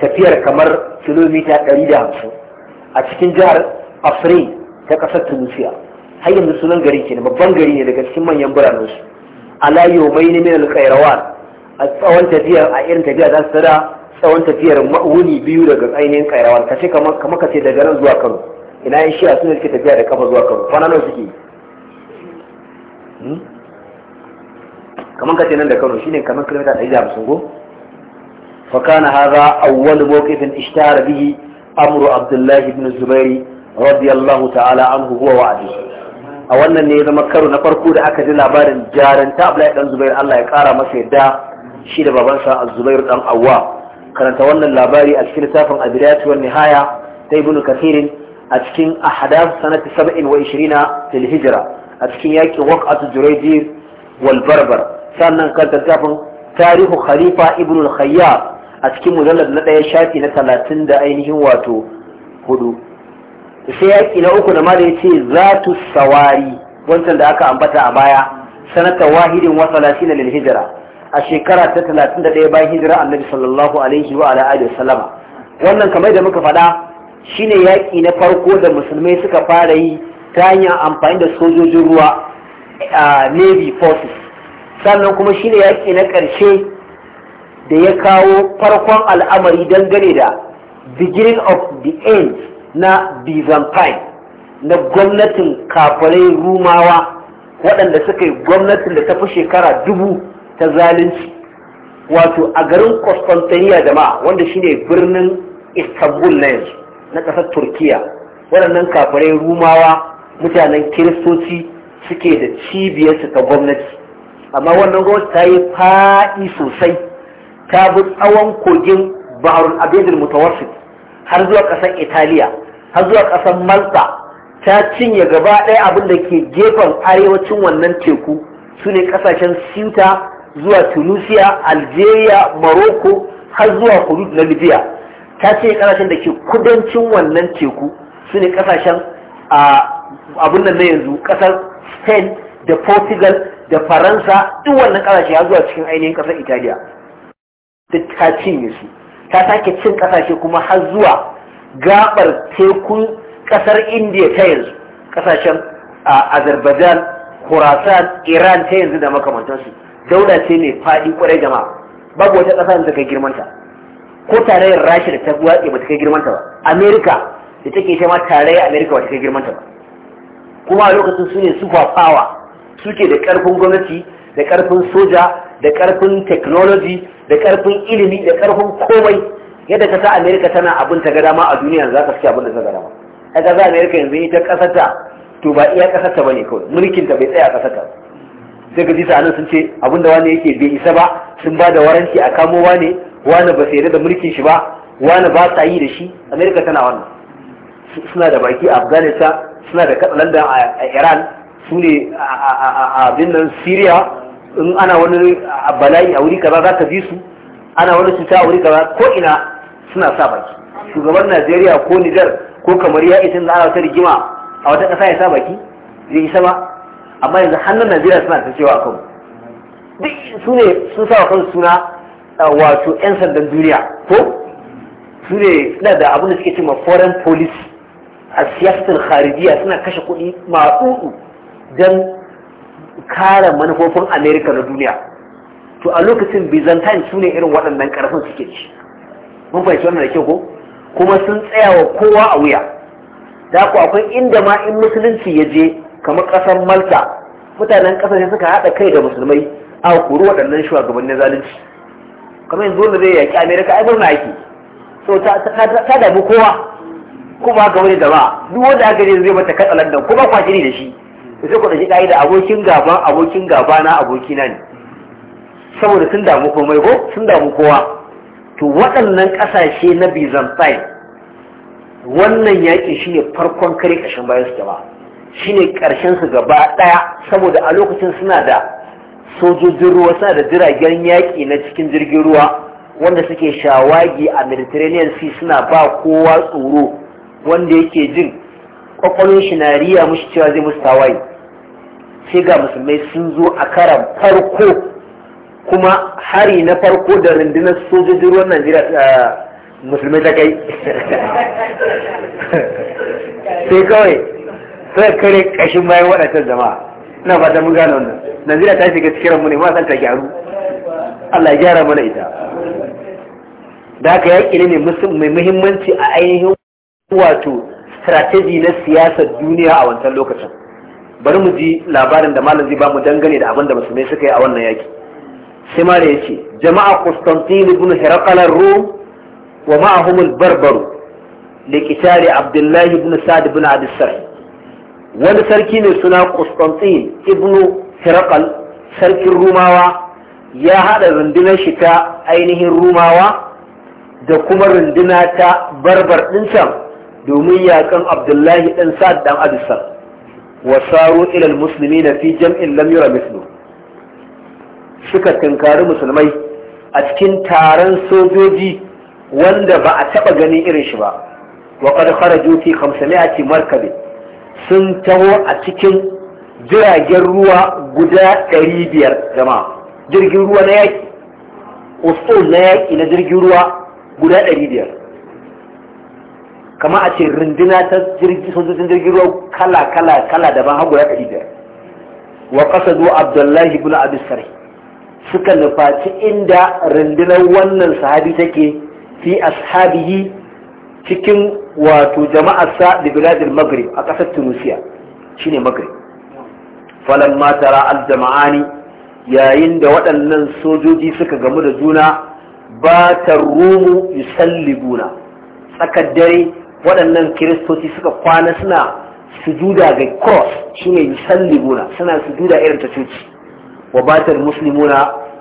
tafiyar kamar kilomita 150 a cikin jihar afrin ta kasar tunisia har yanzu sunan gari ke babban gari ne daga cikin manyan biranen su ala yomai ne min alƙairawan a tsawon tafiyar a irin tafiya za su da tsawon tafiyar wuni biyu daga ainihin ƙairawan kace kamar kace daga nan zuwa kano ina yin shi a suna suke tafiya da kafa zuwa kano kwana nawa suke hmm? kamar kace nan da kano shine kamar kilomita ɗari da hamsin ko فكان هذا أول موقف اشتهر به أمر عبد الله بن الزبير رضي الله تعالى عنه هو وعده a wannan ne ya zama karo na farko da aka ji labarin jaranta Abdullahi dan Zubair Allah ya kara masa yadda shi da babansa a zubair dan Awwa karanta wannan labari a cikin littafin Al-Bidayatu wan Nihaya ta Ibn Kathir a cikin Ahdath sanati 27 fil Hijra a cikin yakin Waqatu Juraydir wal Barbar sannan kan littafin Tarihu Khalifa Ibn al a cikin mujallad na ɗaya shafi na talatin da ainihin wato hudu sai yaƙi na uku da mala ya ce za tu sawari wancan da aka ambata a baya sanata wahidin wa salasina na hijra a shekara ta talatin da ɗaya bayan hijira annabi sallallahu alaihi wa ala alihi wasallama wannan kamar da muka faɗa shine yaƙi na farko da musulmai suka fara yi ta hanyar amfani da sojojin ruwa a navy forces sannan kuma shine yaƙi na ƙarshe da ya kawo farkon al'amari dangane da beginning of the end na byzantine na gwamnatin kafirai rumawa waɗanda suka yi gwamnatin da ta fi shekara dubu ta zalunci wato a garin da ma wanda shine birnin istanbul na yanzu na ƙasar turkiya waɗannan kafirai rumawa mutanen kiristoci suke da cibiyarsu ta gwamnati amma wannan gwamnati ta yi faɗi sosai ta bi tsawon kogin baharul abedul mutawassit har zuwa ƙasar italiya har zuwa ƙasar malta ta cinye gaba ɗaya abin da ke gefen arewacin wannan teku su ne ƙasashen Sita zuwa tunisia algeria morocco har zuwa hudud na libya ta cinye ƙasashen da ke kudancin wannan teku su ne ƙasashen abin nan na yanzu ƙasar spain da portugal da faransa duk wannan ƙasashe har zuwa cikin ainihin ƙasar italiya ta cinye su ta sake cin kasashe kuma har zuwa gabar tekun kasar indiya ta yanzu kasashen azerbaijan khurasan iran ta yanzu da makamantansu daula ce mai faɗi kwarai jama'a babu wata ƙasa da ta girmanta ko tarayyar rasha da ta buwa ba ta kai girmanta ba amerika da take ke ma tarayyar amerika ba ta kai girmanta ba kuma a lokacin su ne super su suke da ƙarfin gwamnati da ƙarfin soja da ƙarfin technology da ƙarfin ilimi da ƙarfin komai yadda ta sa america tana abin ta gada ma a duniya za ka fi abin da ta gada ma kaga za america yanzu ita ƙasarta to ba iya ƙasarta bane kawai mulkin ta bai tsaya a ƙasarta sai ka ji sa sun ce abin da wani yake bai isa ba sun ba da waranti a kamo wani Wani ba sai da mulkin shi ba Wani ba sa yi da shi america tana wannan suna da baki a afghanistan suna da katsalandan a iran su ne a abin nan syria in ana wani bala'i a wuri kaza za ka ji su ana wani cuta a wuri kaza ko ina suna sa baki shugaban najeriya ko nijar ko kamar ya isa da ta rigima a wata kasa ya sa baki zai isa ba amma yanzu hannun najeriya suna ta cewa kan duk su ne sun sa wa kansu suna wato 'yan sandan duniya ko su ne suna da abin da suke cewa foreign policy a siyasar kharijiya suna kashe kuɗi maɗuɗu don kare manufofin Amerika na duniya to a lokacin byzantine su ne irin waɗannan ƙarfin suke ci mun fahimci wannan da ke ko kuma sun tsaya wa kowa a wuya da ku akwai inda ma in musulunci ya je kamar ƙasar malta mutanen ƙasashe suka haɗa kai da musulmai a kuru waɗannan shugabannin zalunci kamar yanzu wanda zai yaƙi amerika ai murna yake so ta damu kowa kuma ga wani jama'a duk wanda aka je zai mata katsalan nan kuma kwashi ne da shi sai ku ɗauki da abokin gaban abokin gaba na abokina ne saboda sun damu komai ko sun damu kowa to waɗannan ƙasashe na byzantine wannan yaƙi shine farkon kare ƙarshen bayan su jama'a shine ƙarshen su gaba ɗaya saboda a lokacin suna da sojojin ruwa suna da jiragen yaƙi na cikin jirgin ruwa wanda suke shawagi a mediterranean sea suna ba kowa tsoro wanda yake jin kwakwalon shi na riya mushi cewa zai musu tawaye sai ga musulmai sun zo a karan farko kuma hari na farko da rundunar sojojin ruwan najeriya eh, musulmai ta kai [LAUGHS] sai kawai sai kare kashin bayan waɗancan jama'a na fata mun gano wannan najeriya ta shiga cikin mu ne ma san ta gyaru allah gyara mana ita da haka yaƙi ne mai muhimmanci a ainihin wato strategy na siyasar duniya a wancan lokacin bari mu ji labarin da malam zai bamu dangane da abin da musulmai suka yi a wannan yaki sai mala ya ce jama'a Constantine ibn Herakal Rum wa ma'ahum barbaru liqitali abdullahi ibn Sa'd ibn adisar wani sarki ne suna Constantine ibn Herakal sarkin Rumawa ya hada rundunar shi ta ainihin Rumawa da kuma runduna ta Barbar din can domin yakan Abdullahi dan Sa'd dan adisar. wasaru ilal musulmi na fi jam'in lamura mislu suka tunkari musulmai a cikin taron sojoji wanda ba a taɓa ganin irin shi ba wa qad kharaju fi 500 markabi sun taho a cikin jiragen ruwa guda 500 jama'a jirgin ruwa na yaki usul na yaki na jirgin ruwa guda 500 kama a ce runduna ta sojojin jirgin ruwa kala kala kala daban hagu ya ɗari biyar wa zuwa abdullahi ibn abi suka nufaci inda rindunar wannan sahabi take fi ashabihi cikin wato jama'arsa da biladin maghrib a ƙasar tunisia shine maghrib falamma tara al yayin da waɗannan sojoji suka gamu da juna ba ta rumu yusallibuna tsakar dare waɗannan kiristoci suka kwana suna sujuda ga cross ne yi suna sujuda irin ta cuci wa batar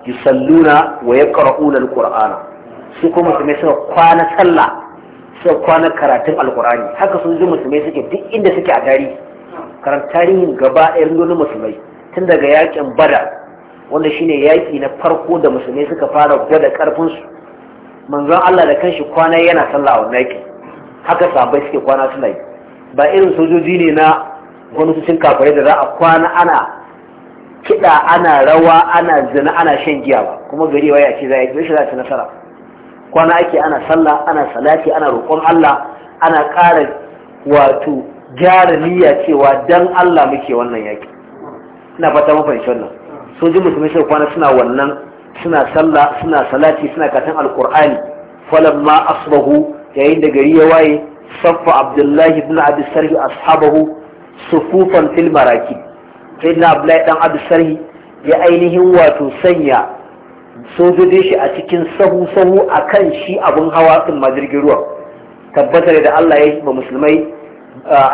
yi salluna wa yaqra'una ƙuraana su kuma musulmai suka kwana sallah suka kwana karatun alqur'ani haka sun zo musulmai suke duk inda suke a tarihi karan tarihin gaba ɗaya rundunar musulmai tun daga yakin bada wanda shine yaki na farko da musulmai suka fara gwada ƙarfinsu, manzon Allah da kanshi kwana yana sallah a wannan haka sabai suke kwana suna yi ba irin sojoji ne na wani gwamnatocin kafirai da za a kwana ana kiɗa ana rawa ana zina ana shan giya ba kuma gari waya ce za a yi shi za a ci nasara kwana ake ana sallah ana salati ana roƙon Allah ana ƙara wato gyara niyya cewa dan Allah muke wannan yaki ina fata mu fahimci wannan sojin musulmi sai kwana suna wannan suna sallah suna salati suna katan alqur'ani falamma asbahu yayin da gari ya waye saffa abdullahi ibn abi sarhi ashabahu sufufan fil maraki sai na abdullahi dan abi sarhi ya ainihin wato sanya sojoji shi a cikin sahu sahu akan shi abun hawa din majirgin ruwa tabbatar da Allah ya yi ba musulmai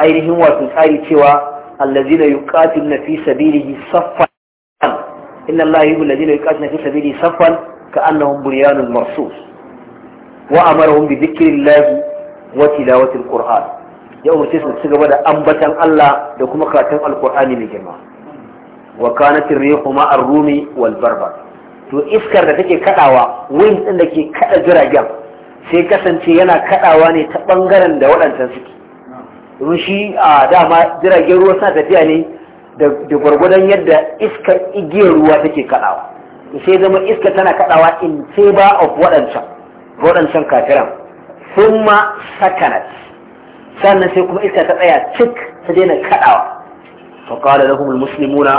ainihin wato tsari cewa allazina yuqatiluna fi sabilihi saffan inna allaha yuhibbu allazina yuqatiluna fi sabilihi saffan ka'annahum bunyanun marsus wa amarahum bi dhikrillahi wa tilawatil qur'an ya umarce su ci gaba da ambatan Allah da kuma karatun alqur'ani mai girma wa kanat rumi wal to iskar da take kadawa wind din da ke kada jiragen sai kasance yana kadawa ne ta bangaren da waɗancan suke domin shi a dama jiragen ruwa suna tafiya ne da gwargwadon yadda iskar igiyar ruwa take kadawa sai zama iska tana kadawa in favor of waɗancan waɗancan kafiran sun ma sakanat sannan sai kuma iska ta tsaya cik ta daina kaɗawa fa qala lahum almuslimuna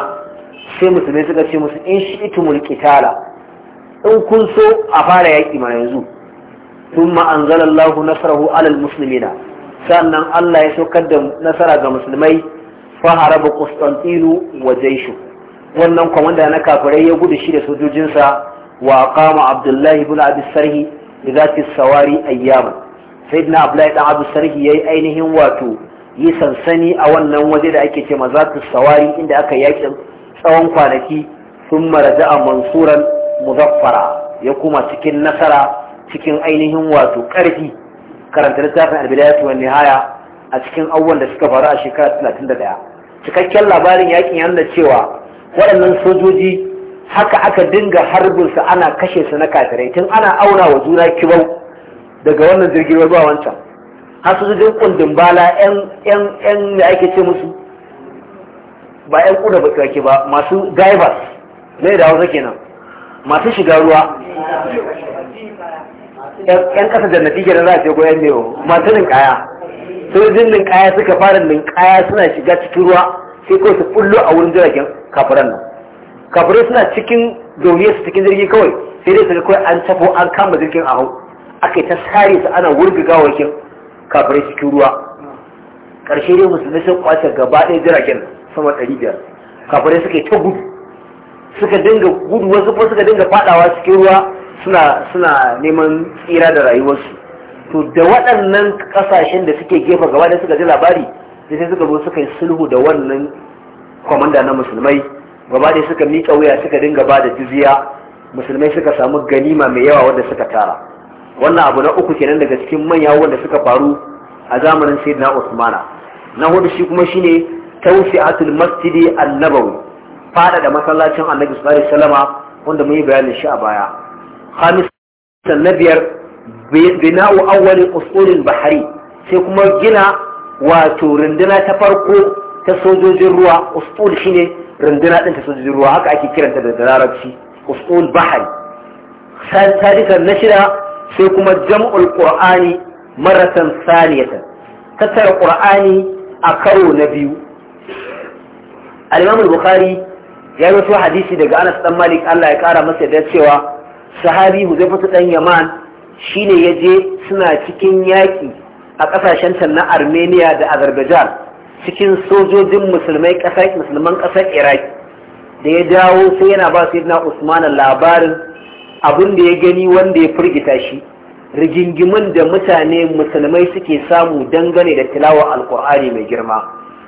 sai musulmai suka ce musu in shi'tumul qitala in kun so a fara yaƙi ma yanzu thumma anzala Allahu nasrahu ala almuslimina sannan Allah ya saukar da nasara ga musulmai fa haraba Qustantinu wa jaishu wannan kwamanda na kafirai ya gudu shi da sojojinsa wa qama Abdullahi ibn Abi Sarhi lidati sawari ayyama sayyidina abdullahi dan abu ya yi ainihin wato yi sansani a wannan waje da ake ce mazatu sawari inda aka yaki tsawon kwanaki sun a mansuran muzaffara ya kuma cikin nasara cikin ainihin wato karfi karanta littafin albidayatu wa nihaya a cikin abubuwan da suka faru a shekara 31 cikakken labarin yakin ya cewa waɗannan sojoji haka aka dinga harbinsa ana kashe su na kafirai tun ana auna wa juna kibau daga wannan jirgin ruwa zuwa wancan har su jin kundin bala yan yan da ake ce musu ba yan kuda ba kake ba masu divers ne da hausa kenan masu shiga ruwa yan kasa jannati kenan za a ce goyon ne masu ninkaya sojin ninkaya suka fara ninkaya suna shiga cikin ruwa sai kawai su kullu a wurin jiragen kafiran nan kafirai suna cikin domiyar su cikin jirgi kawai sai dai su ga kawai an tafo an kama jirgin a hau aka yi ta sare su ana wurga wakin kafirai cikin ruwa ƙarshe dai musulmi sun kwace gaba ɗaya jiragen sama ɗari biyar kafirai suka yi ta gudu suka dinga gudu wasu kuma suka dinga faɗawa cikin ruwa suna suna neman tsira da rayuwarsu to da waɗannan ƙasashen da suke gefe gaba ɗaya suka ji labari sai suka zo suka yi sulhu da wannan kwamanda na musulmai gaba ne suka miƙa wuya suka dinga ba da jizya musulmai suka samu ganima mai yawa wanda suka tara wannan abu na uku kenan daga cikin manya wanda suka faru a zamanin sayyidina usmana na hudu shi kuma shine tawsi'atul masjidi an-nabawi fada da masallacin annabi sallallahu alaihi wasallama wanda mun yi bayanin shi a baya khamis na biyar bina'u awwalin usulin bahari sai kuma gina wato runduna ta farko ta sojojin ruwa usul shine runduna ɗin ta sojojin ruwa haka ake kiranta da larabci usul bahari sadisa na shida sai kuma jam'ul qur'ani maratan saniyatan tattara qur'ani a karo na biyu al-imam bukhari ya yi wasu hadisi daga Anas dan Malik Allah ya kara masa da cewa sahabi Huzaifatu dan Yaman shine yaje suna cikin yaki a kasashen na Armenia da Azerbaijan cikin sojojin musulmai ƙasar musulman ƙasar iraq da ya dawo sai yana ba sayyidina usman labarin abin da ya gani wanda ya firgita shi rigingimin da mutane musulmai suke samu dangane da tilawa alkur'ani mai girma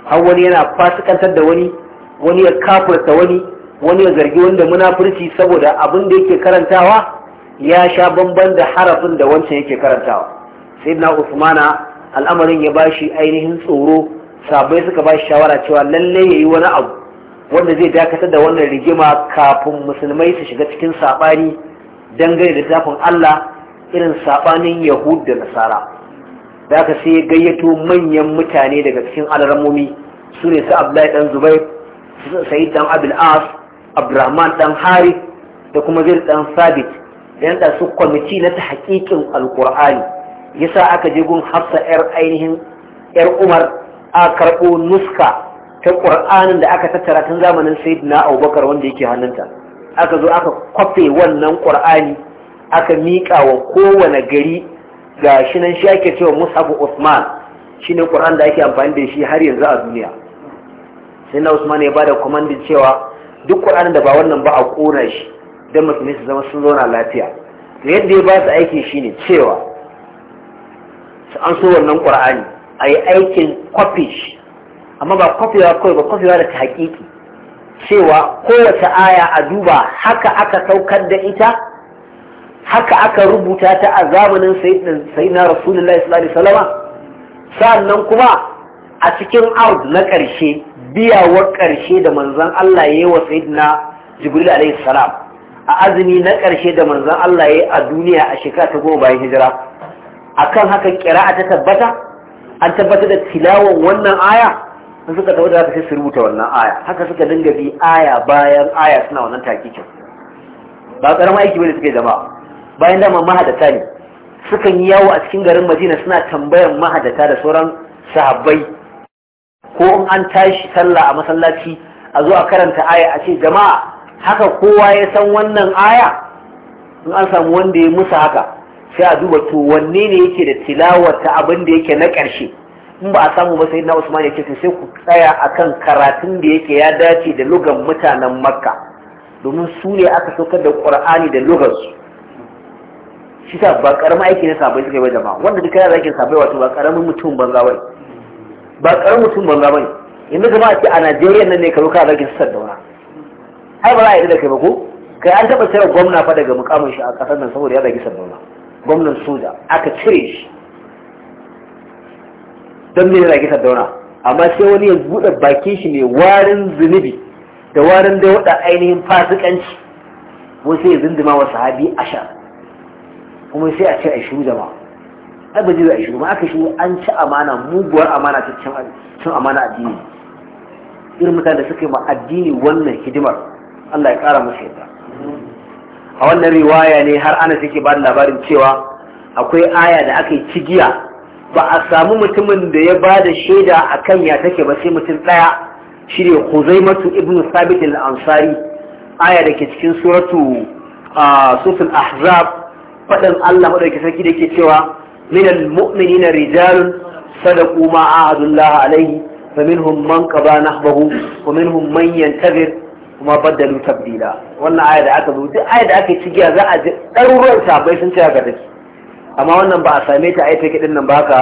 har wani yana fasikantar da wani wani ya kafurta wani wani ya zargi wanda munafurci saboda abin da yake karantawa ya sha bamban da harafin da wancan yake karantawa sai na usmana al'amarin ya ba shi ainihin tsoro sabai suka ba shi shawara cewa lalle yi wani abu wanda zai dakatar da wannan rigima kafin musulmai su shiga cikin saɓani, dangane da tafin Allah irin saɓanin Yahud da Nasara da aka sai ya gayyato manyan mutane daga cikin alarmomi su ne su Abdullahi dan Zubair Sa'id dan Abdul As Abdurrahman ɗan Hari, da kuma zai ɗan Sabit da ɗan su kwamiti na ta hakikin Alkur'ani yasa aka je gun Hafsa yar ainihin yar Umar a karɓo nuska ta ƙur'anin da aka tattara tun zamanin saidina abubakar wanda yake hannunta aka zo aka kwafe wannan ƙur'ani aka miƙa wa kowane gari ga shi nan shi ake cewa mushafu usman shi ne ƙur'an da ake amfani da shi har yanzu a duniya sai na usman ya bada kwamandin cewa duk ƙur'anin da ba wannan ba a ƙona shi don musulmi su zama sun zauna lafiya yadda ya ba su aiki shine cewa an so wannan ƙur'ani a yi aikin kwafi shi amma ba kwafewa kawai ba kwafewa da ta haƙiƙi cewa kowace aya a duba haka aka saukar da ita haka aka rubuta ta a zamanin sayyidina rasulullahi sallallahu alaihi wasallam sannan kuma a cikin aud na ƙarshe biyawar ƙarshe da manzon Allah ya yi wa sayyidina jibril alaihi salam a azumi na ƙarshe da manzon Allah ya yi a duniya a shekara ta goma bayan hijira akan haka ƙira'a ta tabbata an tabbatar da tilawar wannan aya sun suka da haka sai su rubuta wannan aya haka suka dinga bi aya bayan aya suna wannan takikin ba karamin aiki bane suke yi jama'a bayan dama mahadata ne sukan yi yawo a cikin garin madina suna tambayan mahadata da sauran sahabbai ko in an tashi sallah a masallaci a zo a karanta aya a ce jama'a haka kowa ya san wannan aya in an samu wanda ya musu haka sai a duba to wanne ne yake da tilawar ta abin da yake na ƙarshe in ba a samu ba sai na Usman ya ce to sai ku tsaya akan karatun da yake ya dace da lugan mutanen Makka domin su ne aka saukar da Qur'ani da lugan su shi sa ba karamin aiki ne sabai suka yi wa jama'a wanda duka yana aikin sabai wato ba karamin mutum banza bane ba karamin mutum banza bane yanzu jama'a ce a Najeriya nan ne ka zo ka da wani ai ba za a yi da kai ba ko kai an taɓa cire gwamna fa daga mukamin shi a ƙasar nan saboda ya zagi saddauna gwamnan soja aka cire shi don yana rage dauna amma sai wani ya buɗe bakin shi mai warin zunubi da warin da waɗa ainihin fasikanci wai sai ya zindima wa sahabi asha kuma sai a ce a shiru jama'a a gaji da a shiru ma aka shiru an ci amana muguwar amana ta cin amana addini irin mutane da suka yi ma addini wannan hidimar Allah ya kara musu yadda a wannan riwaya ne har ana take ba da labarin cewa akwai aya da aka yi cigiya ba a samu mutumin da ya ba da shaida a kan ya take ba sai mutum ɗaya shi ne huzaimatu ibn sabit al-ansari aya da ke cikin suratu sufin ahzab faɗin allah maɗauki sarki da ke cewa min al na rijalun sadaqu ma ahadullah alaihi fa minhum man qada nahbahu wa minhum man yantazir kuma baddalu tabdila wannan aya da aka zo duk aya da aka yi cigiya za a ji ɗaruruwan sabai sun ce haka take amma wannan ba a same ta a yi take nan ba ka,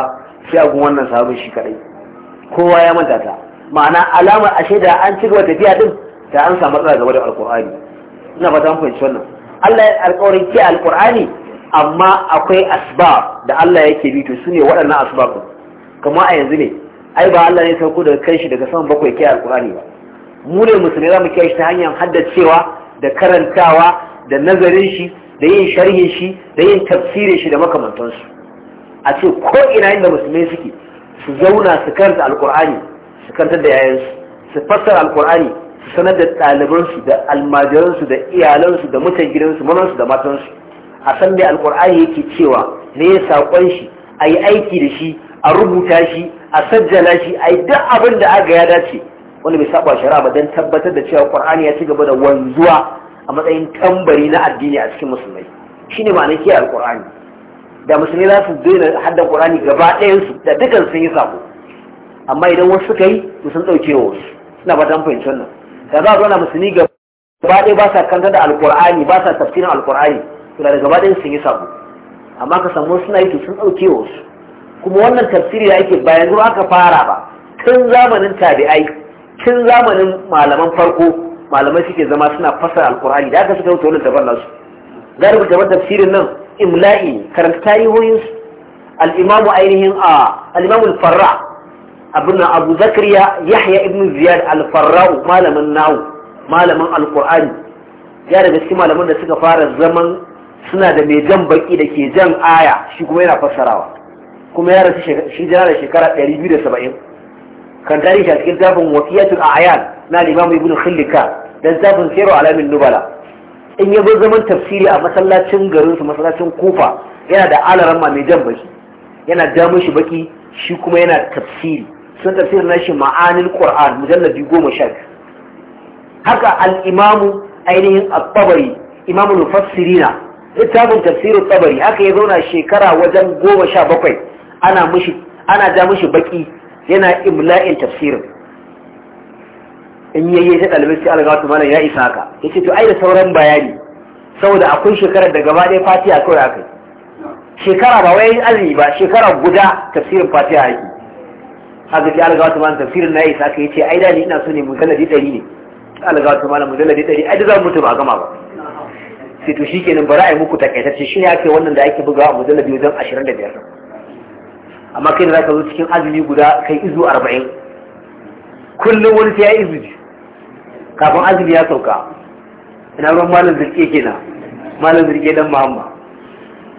sai a gun wannan sabon shi kadai kowa ya manta ta ma'ana alamar ashe da an ci gaba tafiya din da an samu matsala gaba da alkur'ani ina fata mun fahimci wannan Allah ya alƙawarin ke alkur'ani amma akwai asbab da Allah yake bi to ne waɗannan asbab kamar a yanzu ne ai ba Allah ne sauko daga kai shi daga saman bakwai ke alkur'ani ba mu ne musulmi za mu kiyaye shi ta hanyar haddacewa da karantawa da nazarin shi da yin sharhin shi da yin tafsirin shi da makamantansu a ce ko ina inda musulmi suke su zauna su karanta alkur'ani su karanta da yayansu su fassara alkur'ani su sanar da ɗalibansu da almajiransu da iyalansu da mutan gidansu manansu da matansu a san da alkur'ani yake cewa ne ya saƙon shi a yi aiki da shi a rubuta shi a sajjala shi a yi duk abin da aka ya dace wanda bai saba shari'a ba don tabbatar da cewa ƙwar'ani ya ci gaba da wanzuwa a matsayin tambari na addini a cikin musulmai ne ma'ana kiyaye alqur'ani da musulmai za su daina haddan ƙwar'ani gaba ɗayansu da dukkan sun yi sako amma idan wasu suka yi to sun ɗauke wa wasu suna ba tan fahimci wannan da za a zauna musulmi gaba ɗaya ba sa kanta da alƙwar'ani ba sa tafsirin alƙwar'ani to da gaba ɗayansu sun yi sako amma ka samu suna yi to sun ɗauke wa wasu kuma wannan tafsiri da ake bayan zuwa aka fara ba tun zamanin tabi'ai tun zamanin malaman farko malamai suke zama suna fasara alkur'ani da aka suka wuce wani daban nasu galibu daban tafsirin nan imla'i karanta tarihoyin su al'imamu ainihin a al'imamu al-farra abin abu zakariya yahya ibn ziyad al-farra'u malamin nawu malamin alkur'ani ya daga cikin malaman da suka fara zaman suna da mai jan baki da ke jan aya shi kuma yana fassarawa kuma ya rasu shi jana da shekara 270 kan tare shi a cikin zafin wafiyatul a'yan na limamu ibn khillika dan zafin sayarwa alamin nubala in ya zo zaman tafsiri a masallacin garin su masallacin kufa yana da alaran mai jan baki yana ja mishi baki shi kuma yana tafsiri sun tafsir na shi ma'anin qur'an mujalladi goma sha haka al-imamu ainihin at-tabari imamu mufassirina littafin tafsirin tabari haka ya zauna shekara wajen goma sha bakwai ana ja mishi baki yana imla'in tafsirin in yi ta ɗalibai sai alga wato malam ya isa haka ya ce to ai da sauran bayani saboda akwai shekarar da gaba ɗaya fatiha kawai aka shekara ba wai azumi ba shekara guda tafsirin fatiha ake haka ce alga wato tafsirin na ya isa haka ya ce ai da ni ina so ne mujalladi ɗari ne alga wato malam mujalladi ɗari ai da za mu mutu ba gama ba sai to shikenan bari a yi muku takaitacce shi ne ake wannan da ake bugawa a mujalladi wajen ashirin da biyar amma kai da za ka zo cikin azumi guda kai izu arba'in kullum wani sai ya izu ji kafin azumi ya sauka ina ruwan malam zirke kenan malam zirke dan muhamma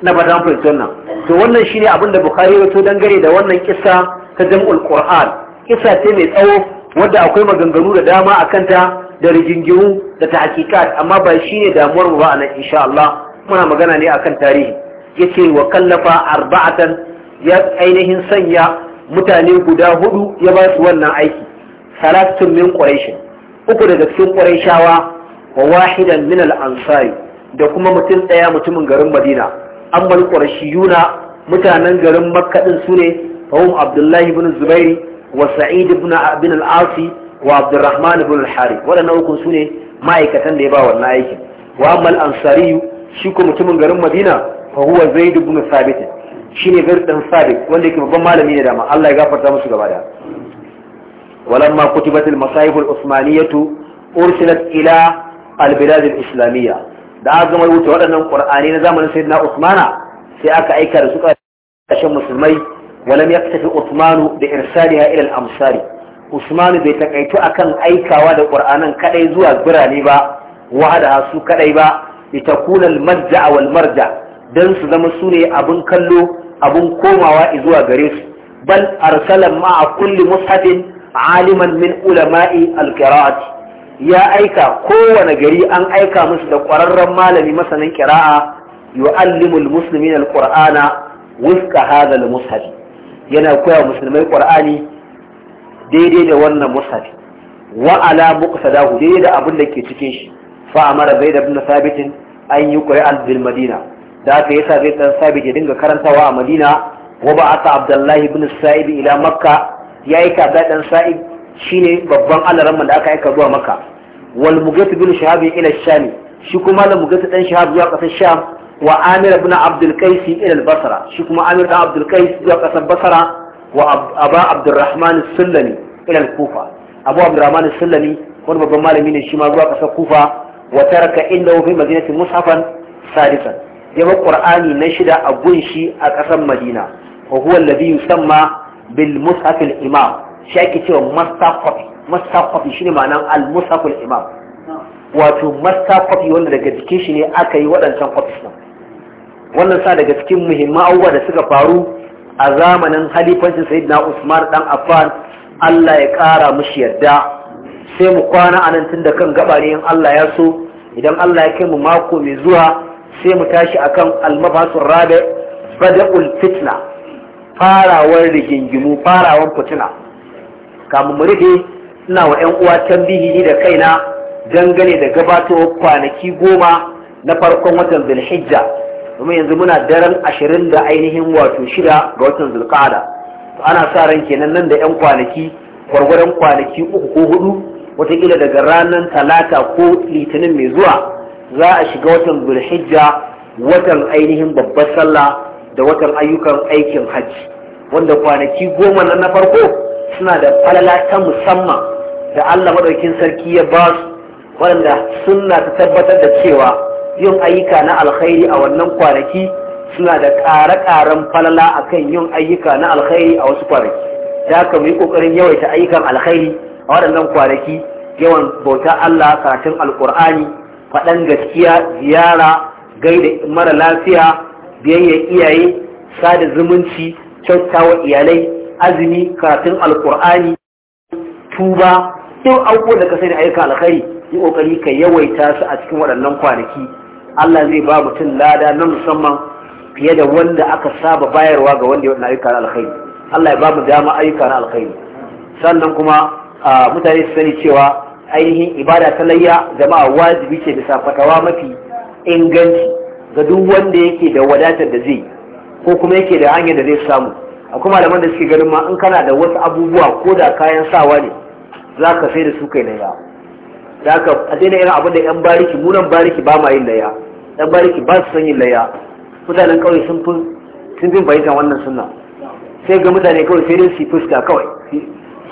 na ba dan fahimci wannan to wannan shine abin da bukhari ya to dangane da wannan kissa ta jam'ul qur'an kissa ce mai tsawo wadda akwai maganganu da dama akan ta da rigingimu da ta tahqiqat amma ba shine damuwar mu ba nan insha Allah muna magana ne akan tarihi yace wa kallafa arba'atan ya ainihin sanya mutane guda hudu ya ba su wannan aiki salatun min quraish uku daga cikin shawa, wa wahidan min al ansari da kuma mutum ɗaya mutumin garin madina ammal qurashiyuna mutanen garin makka din sune fahum abdullahi bin zubairi wa sa'id ibn al-asi wa abdurrahman ibn al hari wadannan uku sune ma'aikatan da ya ba wannan aikin wa ammal ansari shi ko mutumin garin madina fa huwa zaid ibn thabit shine Zaid dan Sabit wanda yake babban malami ne dama Allah ya gafarta musu gaba da walamma kutibatil masahif al usmaniyatu ursilat ila al bilad al islamiyya da aka gama rubuta waɗannan qur'ani na zamanin sayyidina Usmana sai aka aika da su kashin musulmai walam yaktafi Usmanu da irsaliha ila al amsari Usmanu bai takaitu akan aikawa da qur'anan kadai zuwa birane ba wahada su kadai ba litakuna al madja wal marja don su zama su ne abin kallo abin komawa zuwa gare su bal ma a kulli mushafin aliman min ulama'i alqira'ati ya aika kowane gari an aika musu da ƙwararren malami masanin ƙira'a yu'allimul muslimin alqur'ana wifka hadha almushaf yana koya musulmai qur'ani daidai da wannan mushaf wa ala muqtadahu daidai da abin da ke cikin shi fa amara zaid ibn thabit an yi al madina da haka yasa zai dan sabit ya dinga karantawa a Madina wa ba aka Abdullahi ibn Sa'ib ila Makka yayi ka da dan Sa'ib shine babban alaran da aka aika zuwa Makka wal Mughith ibn Shihab ila Sham shi kuma da Mughith dan Shihab zuwa kasar Sham wa Amir ibn Abdul Qais ila al-Basra shi kuma Amir ibn Abdul Qais zuwa kasar Basra wa Aba Abdurrahman as-Sulami ila al-Kufa Abu Abdurrahman as-Sulami wani babban malami ne shi ma zuwa kasar Kufa wa taraka inda fi madinati mushafan sadisan ya bar qur'ani na shida a gunshi a ƙasar madina wa huwa alladhi yusamma bil mushaf al imam shi cewa master copy shine ma'anar al mushaf al imam wato master wanda daga cikin shi ne aka yi waɗancan copies nan wannan sa daga cikin muhimman abubuwa da suka faru a zamanin halifancin sayyidina Usman dan Affan Allah ya ƙara mushi yadda sai mu kwana anan tun da kan gaba ne in Allah ya so idan Allah ya kai mu mako mai zuwa sai mu tashi akan almafasun rabe bada'ul fitna farawar rigingimu farawar fitina kamun mu rufe ina wa yan uwa tambihi ni da kaina dangane da gabato kwanaki goma na farkon watan zulhijja domin yanzu muna daren ashirin da ainihin wato shida ga watan zulqa'ada ana sa ran kenan nan da yan kwanaki gwargwaron kwanaki uku ko hudu watakila daga ranar talata ko litinin mai zuwa za a shiga watan zulhijja watan ainihin babbar sallah da watan ayyukan aikin hajji wanda kwanaki goma na farko suna da falala ta musamman da Allah madaukin sarki ya ba su wanda sunna ta tabbatar da cewa yin ayyuka na alkhairi a wannan kwanaki suna da ƙare-ƙaren falala akan yin ayyuka na alkhairi a wasu kwanaki da aka mai ƙoƙarin yawaita ayyukan alkhairi a waɗannan kwanaki yawan bauta Allah karatun alkur'ani faɗan gaskiya ziyara gai da mara lafiya biyayya iyaye sada zumunci kyautawa iyalai azumi karatun alkur'ani tuba duk abubuwan da ka sani ayyuka alkhairi yi kokari ka yawaita su a cikin waɗannan kwanaki Allah zai ba mutum lada na musamman fiye da wanda aka saba bayarwa ga wanda ya wannan ayyuka alkhairi Allah ya ba mu dama ayyuka na sannan kuma mutane su sani cewa ainihin ibada ta layya jama'a wajibi ce bisa fatawa mafi inganci ga duk wanda yake da wadatar da zai ko kuma yake da hanyar da zai samu A malaman da suke ganin ma in kana da wasu abubuwa ko da kayan sawa ne za ka sai da su kai layya da haka a daina irin abin da yan bariki munan bariki ba ma yin layya yan bariki ba su son yin layya mutanen kauye sun fi sun bin bayyana wannan sunna sai ga mutane kawai sai dai su fuska kawai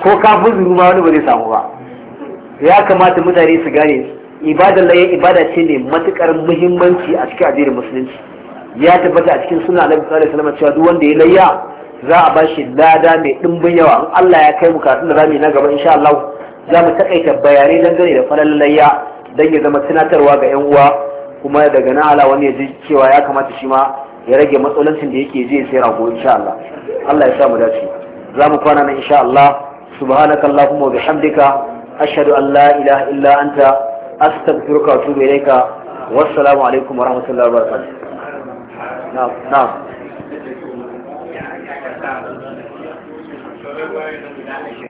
ko kafin zuru ma wani ba zai samu ba ya kamata mutane su gane ibadar laye ibada ce ne matukar muhimmanci a cikin addinin musulunci ya tabbata a cikin suna annabi sallallahu alaihi wasallam cewa duk wanda ya layya za a bashi lada mai dimbin yawa in Allah ya kai mu kafin da zamu yi na gaba insha Allah za mu takaita bayanai dangane da falal layya dan ya zama tunatarwa ga yan uwa kuma daga nan ala wani ya ji cewa ya kamata shi ma ya rage matsalancin da yake ya sai rago insha Allah Allah ya sa mu dace za mu kwana nan insha Allah subhanakallahumma wa bihamdika ashhadu an la ilaha illa anta astaghfiruka wa atubu ilayka wassalamu alaikum wa rahmatullahi wa barakatuh